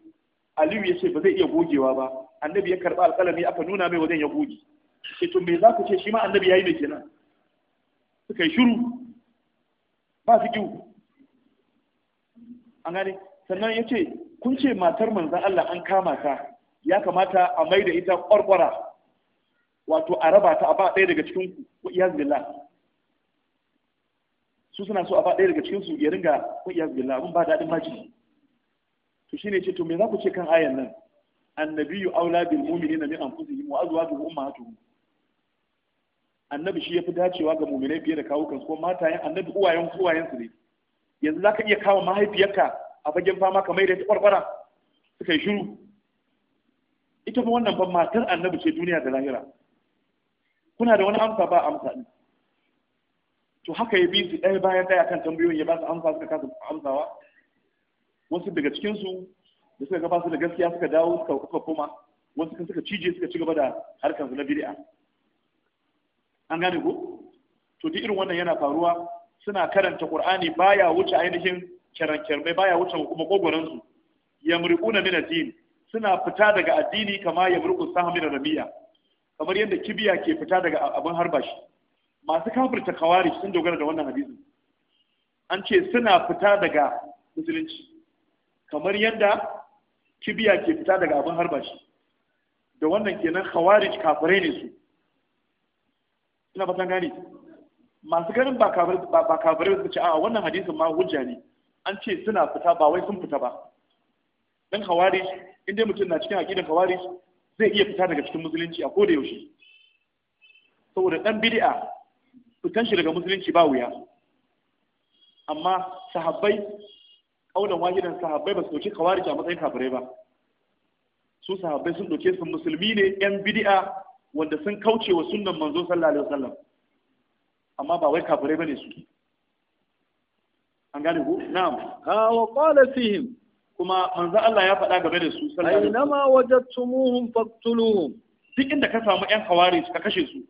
aliyu ya ce ba zai iya gogewa ba annabi ya karɓi alƙalami aka nuna mai wajen ya goge sai to me za ku ce shi ma annabi ya yi mai kenan suka yi shiru ba su kiwu an gane sannan ya ce kun ce matar manzan Allah an kama ta ya kamata a mai da ita ƙwarƙwara wato a raba ta a ba ɗaya daga cikin ku iyaz billah su suna so a ba ɗaya daga cikin su ya ringa ku iya billah mun ba daɗin maji to shine ce to me za ku ce kan ayan nan annabiyu aula bil mu'minina min anfusihim wa azwajuhu ummahatuhum annabi shi yafi dacewa ga mu'minai fiye da kawukan su ko yan annabi uwayen uwayen su ne yanzu zaka iya kawo mahaifiyarka a fagen fama kamar da ta kwarkwara suka yi shiru ita fa wannan ban matar annabi ce duniya da lahira kuna da wani amsa ba amsa ne? to haka ya bi su ɗaya bayan ɗaya kan tambayoyin ya ba su amsa suka kasa amsawa wasu daga cikinsu da suka gabasu su da gaskiya suka dawo suka kuka koma wasu kan suka cije suka ci gaba da harkar na bid'a an gane ko to duk irin wannan yana faruwa suna karanta qur'ani baya wuce ainihin kyarankyarmai baya wuce kuma kogoransu yamriquna min ad-din suna fita daga addini kama yamriqu sahmi da rabiya kamar yadda kibiya ke fita daga abin harba shi masu kafirta kawari sun dogara da wannan hadisi an ce suna fita daga musulunci kamar yadda kibiya ke fita daga abin harba shi da wannan kenan khawarij kafirai ne su ina fatan gane masu ganin ba kafirai su ce a wannan hadisin ma hujja ne an ce suna fita ba wai sun fita ba dan khawarij inda mutum na cikin aqidar khawarij zai iya fita daga cikin musulunci a koda yaushe saboda dan bid'a fitan shi daga musulunci ba wuya amma sahabbai auna wajidan sahabbai ba su dauki kawarij a matsayin kafirai ba su sahabbai sun dauke su musulmi ne yan bid'a wanda sun kauce wa sunnan manzo sallallahu alaihi wasallam amma ba wai kafirai bane su an gane ku na'am ha wa qala fihim kuma manzo Allah ya faɗa game da su sallallahu alaihi wasallam ainama wajadtumuhum faqtuluhum duk inda ka samu yan khawarij ka kashe su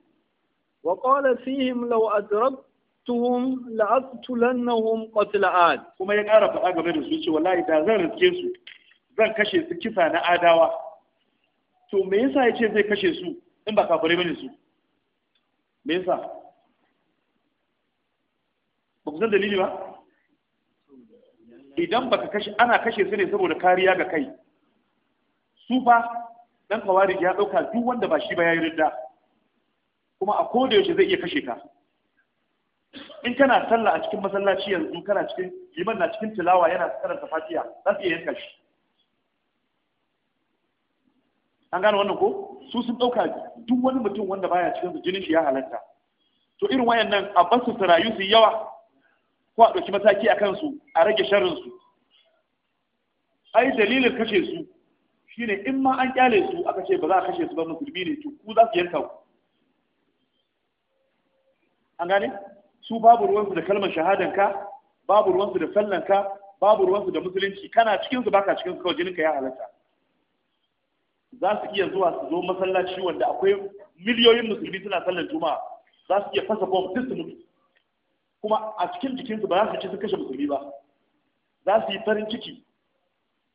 wa qala fihim law adrak لعقتهم لأقتلنهم قتل Kuma ya يقرا فدا game da su ce wallahi da zan riske su zan kashe su kisa na adawa to me yasa yace zai kashe su in ba kafare bane su me yasa ba ku san dalili ba idan baka kashe ana kashe su ne saboda kariya ga kai su fa dan kawari ya dauka duk wanda ba shi ba yayi ridda kuma a koda yaushe zai iya kashe ka in kana sallah a cikin masallaci yanzu kana cikin liman na cikin tilawa yana karanta fatiha za su iya yanka shi an gane wannan ko su sun ɗauka duk wani mutum wanda baya cikin su jinin shi ya halatta to irin wayannan a basu su rayu su yawa ko a ɗauki mataki a kansu a rage sharrin su ai dalilin kashe su shine in ma an kyale su aka ce ba za a kashe su ba musulmi ne to ku za su yanka ku an gane su babu ruwansu da kalmar shahadanka babu ruwansu da sallanka babu ruwansu da musulunci kana cikin su baka cikin kawai kawai jininka ya halatta za su iya zuwa su zo masallaci wanda akwai miliyoyin musulmi suna sallar juma'a za su iya fasa bom duk su mutu kuma a cikin jikinsu ba za su ci sun kashe musulmi ba za su yi farin ciki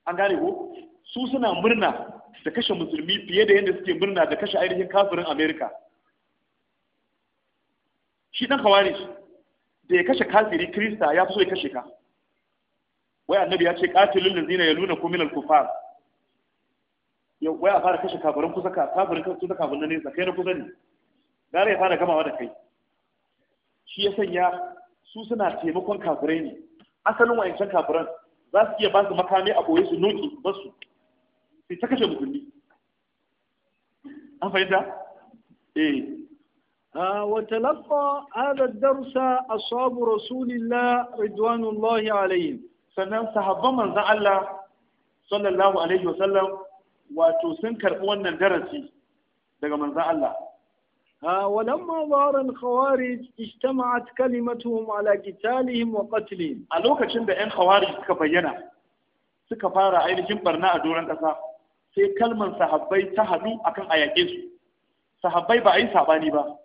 an gane ko su suna murna da kashe musulmi fiye da yadda suke murna da kashe ainihin kafirin amerika shi dan khawarij da ya kashe kafiri krista ya fi so ya kashe ka wai annabi ya ce qatilul ladzina yalunakum minal kufar yau wai a fara kashe kafirin kusa ka kafirin kusa kafin na nesa kai na kusa ne gara ya fara gamawa da kai shi ya sanya su suna taimakon kafirai ne asalin wayancan kafiran za su iya ba su makami a koyi su noki ba su sai ta kashe mutum ne. an fahimta eh وتلقى هذا الدرس أصحاب رسول الله رضوان الله عليهم sannan sahabban manzon Allah sallallahu alaihi wasallam wato sun karɓi wannan darasi daga manzon Allah ولما ظهر الخوارج اجتمعت كلمتهم على قتالهم وقتلهم a lokacin da 'yan khawarij suka bayyana suka fara ainihin barna a doron ƙasa sai kalmar sahabbai ta haɗu akan a Sahabai ba a yi saɓani ba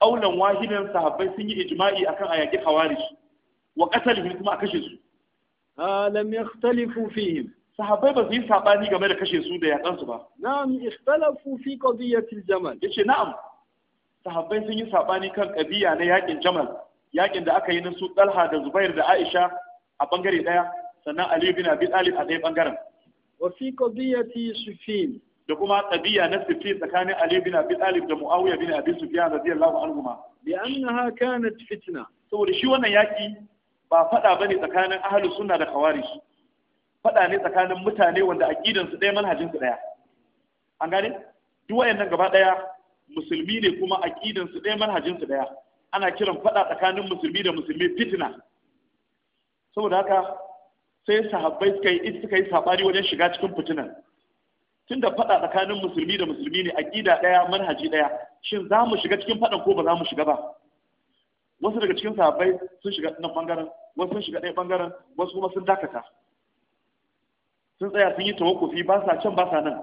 kaulan wahidan sahabbai sun yi ijma'i akan ayaki khawarij wa qatalihim kuma a kashe su lam yakhtalifu fihim sahabbai ba su yi sabani game da kashe su da yakan su ba na'am ikhtalafu fi qadiyatil jamal yace na'am sahabbai sun yi sabani kan qadiya na yakin jamal yakin da aka yi na su Talha da Zubair da Aisha a bangare daya sannan Ali bin Abi Talib a ɗaya bangaren wa fi qadiyati Sufyan da kuma tabiya na sirri tsakanin Ali bin Abi Talib da Muawiya bin Abi Sufyan radiyallahu anhuma annaha kanat fitna saboda shi wannan yaki ba fada bane tsakanin ahlus sunna da khawarij fada ne tsakanin mutane wanda aqidan su ɗaya manhajin su ɗaya an gane duk wayannan gaba ɗaya musulmi ne kuma aqidan su ɗaya manhajin su ɗaya ana kiran fada tsakanin musulmi da musulmi fitna saboda haka sai sahabbai suka yi suka yi sabari wajen shiga cikin fitinan tun da faɗa tsakanin musulmi da musulmi ne aƙida ɗaya manhaji ɗaya shin za mu shiga cikin faɗan ko ba za mu shiga ba wasu daga cikin sahabbai sun shiga ɗan ɓangaren? wasu sun shiga ɗaya ɓangaren? wasu kuma sun dakata sun tsaya sun yi tawakkufi ba sa can ba sa nan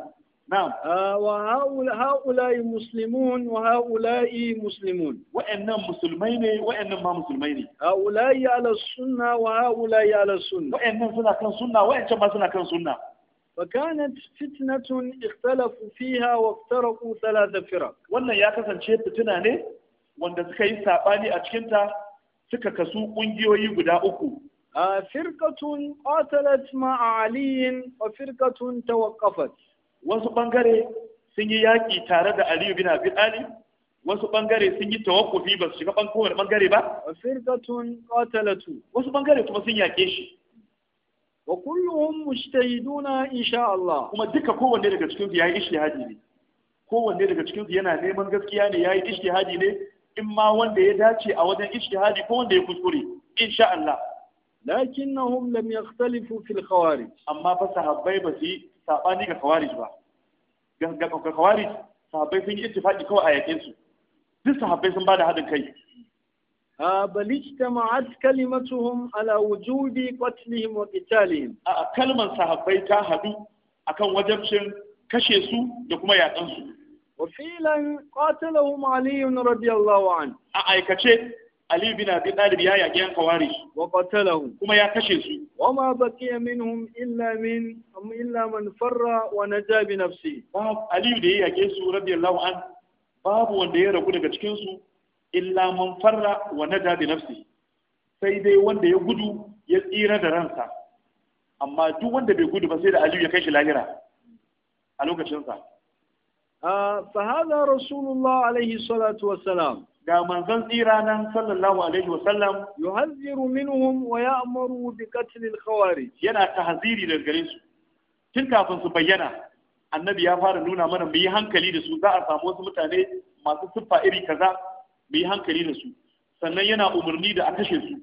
na'am ah, wa haula'i muslimun wa haula'i muslimun wa'annan musulmai ne wa'annan ma musulmai ne haula'i ala sunna wa haula'i ala sunna wa'annan suna kan sunna wa'ancan ma suna kan sunna فكانت فتنة اختلفوا فيها وافترقوا ثلاث فرق wannan ya kasance شيء ne wanda suka yi saɓani a cikin كسو suka kasu ƙungiyoyi guda uku مع علي وفرقة توقفت wa firqatun wasu ɓangare sun yi yaƙi tare da Aliyu bin Abi Talib wasu ɓangare sun yi tawakkufi ba su shiga bangaren ba firqatun qatalatu wasu bangare kuma sun yaƙe shi wa kulluhum mujtahiduna insha Allah kuma duka kowanne daga cikin su yayi ijtihadi ne kowanne daga cikin su yana neman gaskiya ne yayi ijtihadi ne in ma wanda ya dace a wajen ijtihadi ko wanda ya kuskure insha Allah lakinnahum lam yakhtalifu fil khawarij amma fa sahabbai ba su sabani ga khawarij ba ga ga khawarij sahabbai sun yi ittifaqi kawai a yakin su duk sahabbai sun bada hadin kai bal ijtama'at kalimatuhum ala wujudi qatlihim wa qitalihim a kalman sahabbai ta haɗu akan wajabcin kashe su da kuma yakan wa filan qatalahum ali radiyallahu an a aikace Ali bin Abi Talib ya yaƙi yan wa qatalahu kuma ya kashe su wa ma baqiya minhum illa illa man farra wa naja bi da ya su radiyallahu babu wanda ya ragu daga cikinsu. illa man farra wa nada bi nafsi sai dai wanda ya gudu ya tsira da ransa amma duk wanda bai gudu ba sai da aliyu ya kai shi lahira a lokacinsa fa hada rasulullah alaihi salatu Wasalam. ga manzon tsira nan sallallahu alaihi wasallam yuhazziru minhum wa ya'muru bi qatl al khawarij yana tahziri daga gare su tun kafin su bayyana annabi ya fara nuna mana mu yi hankali da su za a samu wasu mutane masu siffa iri kaza mu yi hankali da su sannan yana umarni da a kashe su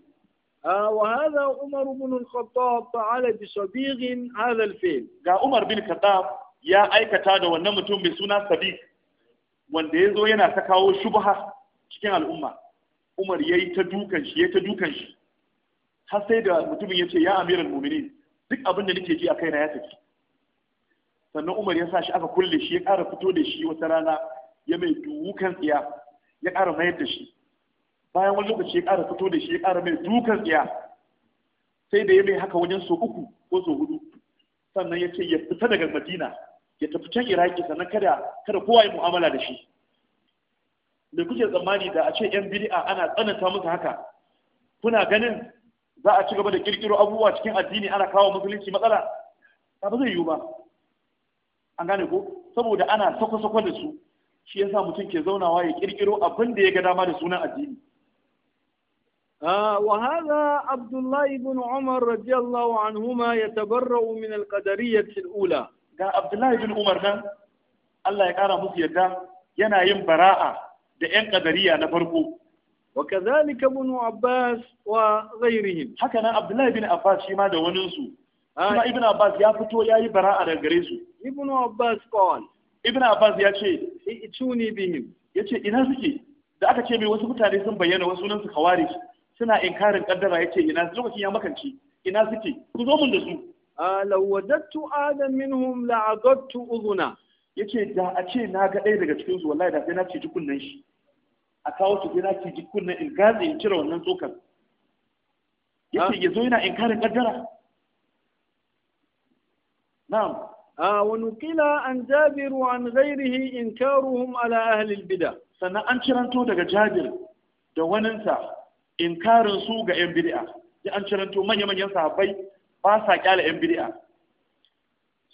وهذا عمر بن الخطاب فعل بصبيغ هذا الفعل ga Umar bin Khattab ya aikata da wannan mutum mai suna Sabiq wanda ya zo yana ta kawo shubha cikin al'umma Umar yayi ta ta dukan shi har sai da mutumin ya ce ya amiral mu'minin duk abin da nake ji a kaina ya tafi sannan Umar ya sa shi aka kulle shi ya kara fito da shi wata rana ya mai dukan tsiya ya ƙara mayar da shi bayan wani lokaci ya ƙara fito da shi ya ƙara mai dukan tsiya sai da ya mai haka wajen so uku ko so hudu sannan ya ce ya fita daga madina ya tafi can iraki sannan kada kada kowa ya mu'amala da shi da kuke tsammani da a ce yan bid'a ana tsananta musu haka kuna ganin za a ci gaba da kirkiro abubuwa cikin addini ana kawo musulunci matsala ba zai yiwu ba an gane ko saboda ana sako-sako da su shi sa mutum ke zaunawa ya kirkiro abin da ya ga dama da sunan addini وهذا عبد الله بن عمر رضي الله عنهما يتبرأ من القدرية الأولى ga Abdullahi bin Umar nan Allah ya kara musu yadda yana yin bara'a da ƴan kadariya na farko wa kadhalika ibn Abbas wa ghayrihim haka nan Abdullahi bin Abbas shi da wani su kuma ah, Ibn Abbas ya fito yayi bara'a daga gare su Abbas Ibn Abbas ya ce i'tuni bihim yace ina suke da aka ce mai wasu mutane sun bayyana wasu nan su kawari suna inkarin kaddara yace ina lokacin ya makanci ina suke ku zo mun da su law wajadtu adam minhum la'agadtu udhuna yace da a ce na ga ɗaya daga cikin su wallahi da sai na ciji kunnen shi a kawo su sai na ciji kunnen in gaza in cire wannan tsokan yace ah. yazo yana inkarin kaddara na'am آه ونقل عن جابر وعن غيره إنكارهم على أهل البدع sannan an ciranto daga jabir da waninsa inkarin su ga 'yan bid'a ya an ciranto manya-manyan sahabbai ba sa kyala 'yan bid'a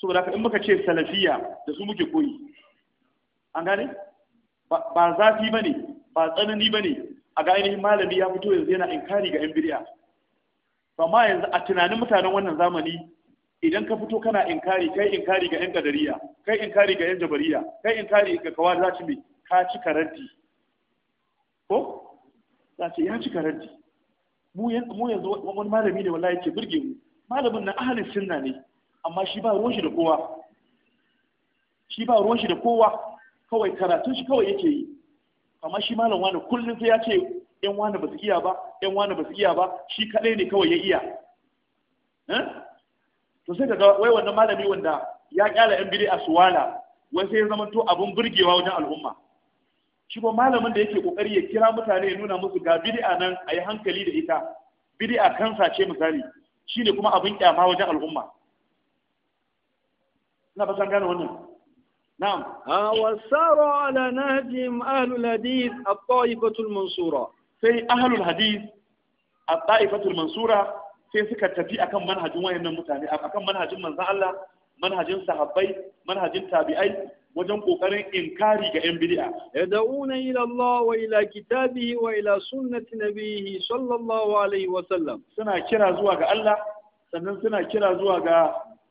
saboda in muka ce salafiya da su muke koyi an gane ba zafi ba ne ba tsanani ba ne a ga ainihin malami ya fito yanzu yana inkari ga 'yan bid'a amma yanzu a tunanin mutanen wannan zamani idan ka fito kana inkari kai inkari ga yan kadariya kai inkari ga yan jabariya kai inkari ga kawa kawazaci mai ka ci karanti ko za ce ya ci karanti mu yanzu wani malami ne wallahi ke burge mu malamin na ahalin sunna ne amma shi ba ruwan shi da kowa shi ba ruwan shi da kowa kawai karatun shi kawai yake yi amma shi malam wani kullum sai ya ce yan wani ba su iya ba yan wani ba su iya ba shi kadai ne kawai ya iya eh? to sai ka wai wannan malami wanda ya kyala yan bid'a su wala wai sai ya zama to abun burgewa wajen al'umma shi ko malamin da yake kokari ya kira mutane ya nuna musu ga bid'a nan ayi hankali da ita bid'a kansa ce misali shine kuma abin kyama wajen al'umma ina ba san gane wannan Na'am. نعم وسار على نهجهم أهل الحديث Sai المنصورة في أهل الحديث الطائفة mansura sai suka tafi akan manhajin wayannan mutane akan manhajin manzan Allah manhajin sahabbai manhajin tabi'ai wajen kokarin inkari ga yan bid'a yad'una ila Allah wa ila kitabihi wa ila sunnati nabihi sallallahu alaihi wa sallam suna kira zuwa ga Allah sannan suna kira zuwa ga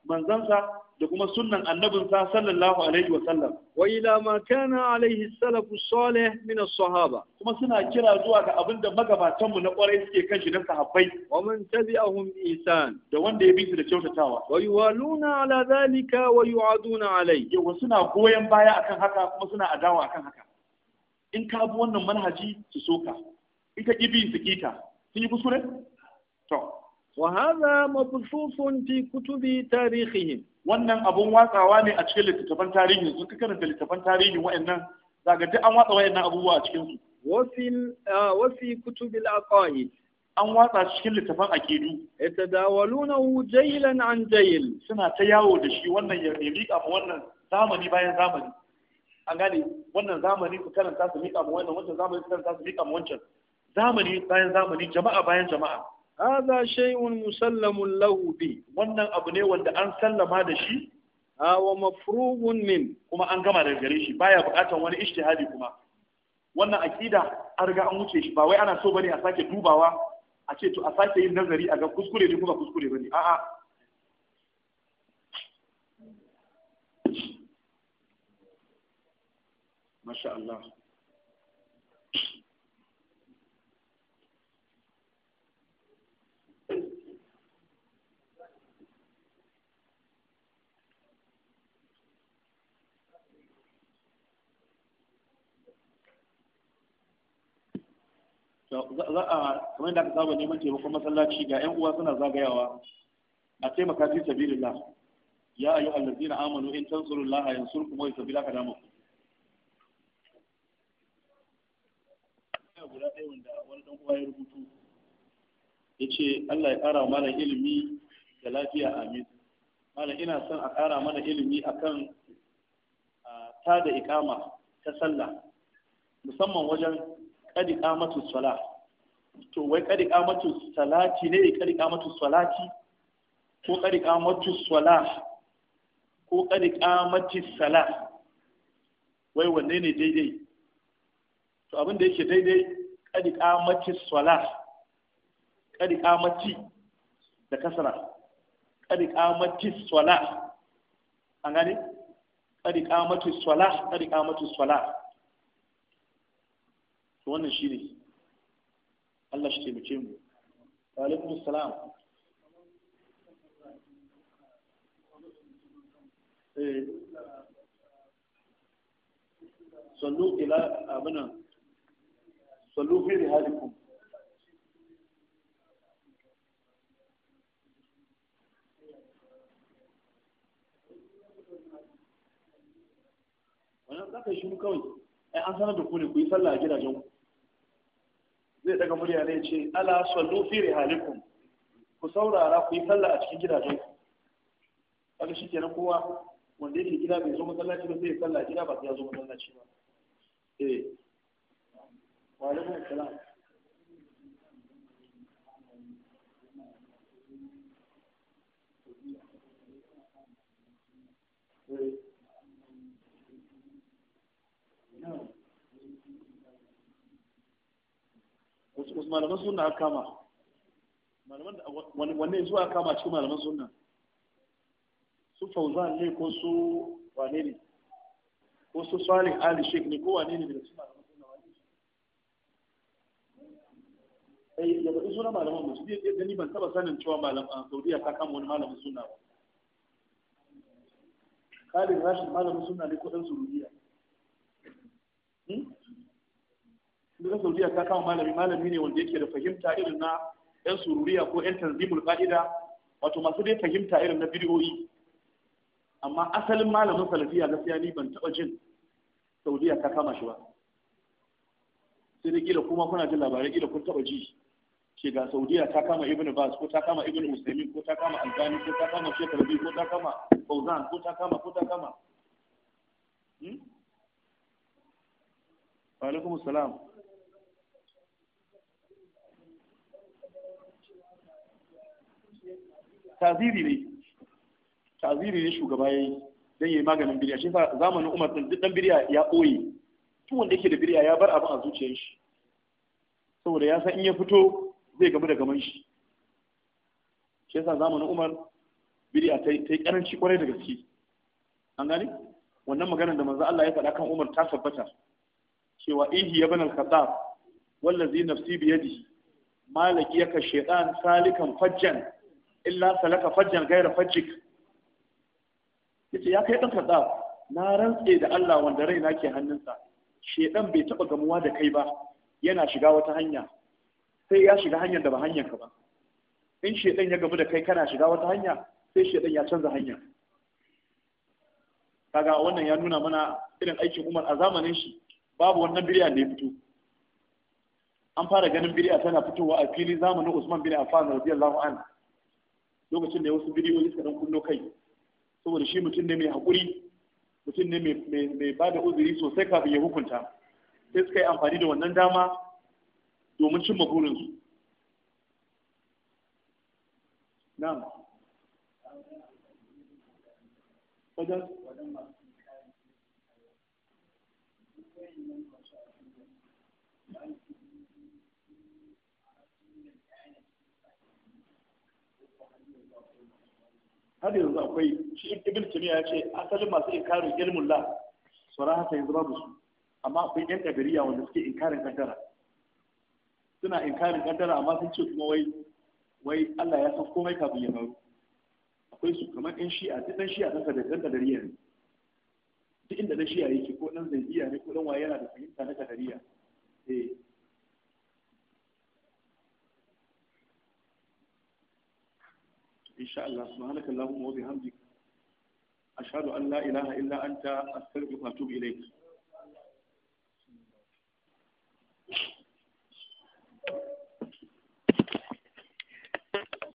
manzansa da kuma sunnan annabin sa sallallahu alaihi wa sallam wa ila ma kana alaihi salafu salih min as-sahaba kuma suna kira zuwa ga abinda magabatan mu na kwarai suke kan shi na sahabbai wa man tabi'ahum isan da wanda ya bi su da kyautatawa wa yuwaluna ala zalika wa yu'aduna alai wa suna goyen baya akan haka kuma suna adawa akan haka in ka bi wannan manhaji su soka in ka ki su kita sun yi kuskure وهذا hadha في كتب kutubi wannan abun watsawa ne a cikin littattafan tarihi sun ka karanta littattafan tarihi wa'annan zagaje an watsa wa'annan abubuwa a cikin su wa fi kutubil aqaid an watsa cikin littattafan aqidu yatadawaluna jaylan an jayl suna ta yawo da shi wannan ya miƙa mu wannan zamani bayan zamani an gane wannan zamani su karanta su miƙa mu wannan wancan zamani su karanta su miƙa mu wancan zamani bayan zamani jama'a bayan jama'a hadha shay'un musallamun lahu bi wannan abu ne wanda an sallama da shi wa mafrugun min kuma an gama da gare shi baya buƙatar wani ijtihadi kuma wannan akida an riga an wuce shi ba wai ana so bane a sake dubawa a ce to a sake yin nazari a ga kuskure ne kuma kuskure bane a'a masha Allah za a kamar da aka saba neman taimakon masallaci ga yan uwa suna zagayawa a taimaka fi sabilillah ya ayu allazina amanu in tansurullaha yansurkum wa yusabbil laka damakum guda ɗaya wanda wani ɗan uwa ya rubutu ya ce Allah ya ƙara mana ilimi da lafiya amin Malam ina son a ƙara mana ilimi akan ta da ikama ta sallah musamman wajen kadi kamatu salah to wai kadi kamatu salati ne kadi kamatu salati ko kadi kamatu salah ko kadi qamati salah wai wanne ne daidai to abin da yake daidai kadi qamati salah kadi kamati da kasara kadi qamati salah an gane kadi qamati salah kadi qamati salah to wannan shi ne Allah shi taimake mu alaikum salam eh sallu ila abuna sallu fi rihalikum wannan zaka shi kawai ai an sanar da ku ne ku yi sallah a gidajen ku zai daga murya ne ce ala sallu fi rihalikum ku saurara ku yi sallah a cikin gidajen ku kaga shikenan kowa wanda yake gida bai zo masallaci ba zai yi sallah gida ba sai ya zo masallaci ba eh wa alaikum assalam malaman sunna aka kama malaman wanne zuwa aka kama cikin malaman sunna su fauzan ne ko su wane ne ko su salih ali sheik ne ko wane ne daga cikin malaman sunna wane eh, ya bari suna malaman musu ne ya gani ban taba sanin cewa malaman saudi ya kama wani malamin sunna ba Khalid Rashid malamin sunna ne ko dan Surudiya. Hmm? duka saudiya ta kama malami malami ne wanda yake da fahimta irin na yan sururiya ko yan tanzimul fa'ida wato masu dai fahimta irin na bidiyoyi amma asalin malamin salafiya gaskiya ni ban taba jin saudiya ta kama shi ba sai dai kila kuma kuna jin labarai kila kun taba ji ke ga saudiya ta kama ibn bas ko ta kama ibn usaimin ko ta kama albani ko ta kama shekar biyu ko ta kama Ba'uzan, ko ta kama ko ta kama hmm? wa salam taziri ne taziri ne shugaba yayi dan yayi maganin biriya shi zamanin Umar din dan biriya ya koyi tun wanda yake da biriya ya bar abin a zuciyar shi saboda ya san in ya fito zai gamu da gaman shi shi yasa zamanin Umar biriya ta yi karanci kwarai da gaske an gane wannan maganar da manzo Allah ya faɗa kan Umar ta tabbata cewa ihi ya banal khattab wallazi nafsi bi yadihi malaki yaka salikan fajjan illa salaka fajjan gaira fajjik yace ya kai ɗanka kaza na rantse da Allah wanda raina ke hannunsa shedan bai taba gamuwa da kai ba yana shiga wata hanya sai ya shiga hanyar da ba hanyar ka ba in shedan ya gamu da kai kana shiga wata hanya sai shedan ya canza hanya kaga wannan ya nuna mana irin aikin Umar a zamanin shi babu wannan biriya da ya fito an fara ganin biriya tana fitowa a fili zamanin Usman bin Affan radiyallahu anhu lokacin da wasu bidiyoyi suka dan kunno kai saboda shi mutum ne mai haƙuri mutum ne mai ba da uzuri sosai kafin ya hukunta sai suka yi amfani da wannan dama domin cimma burinsu na'am wajen har yanzu akwai shi ibn timiya ya ce asalin masu inkarin ilmin la sauran haka yanzu babu su amma akwai yan kabiriya wanda suke inkarin kaddara suna inkarin kaddara amma sun ce kuma wai wai Allah ya san komai kafin ya faru akwai su kamar ɗan shi'a duk ɗan shi'a ɗan da ɗan kadariya ne duk inda ɗan shi'a yake ko ɗan zaidiya ne ko ɗan waye yana da fahimta na kadariya eh insha Allah subhanaka allahumma wa bihamdika ashhadu an la ilaha illa anta askar wa atubu ilayk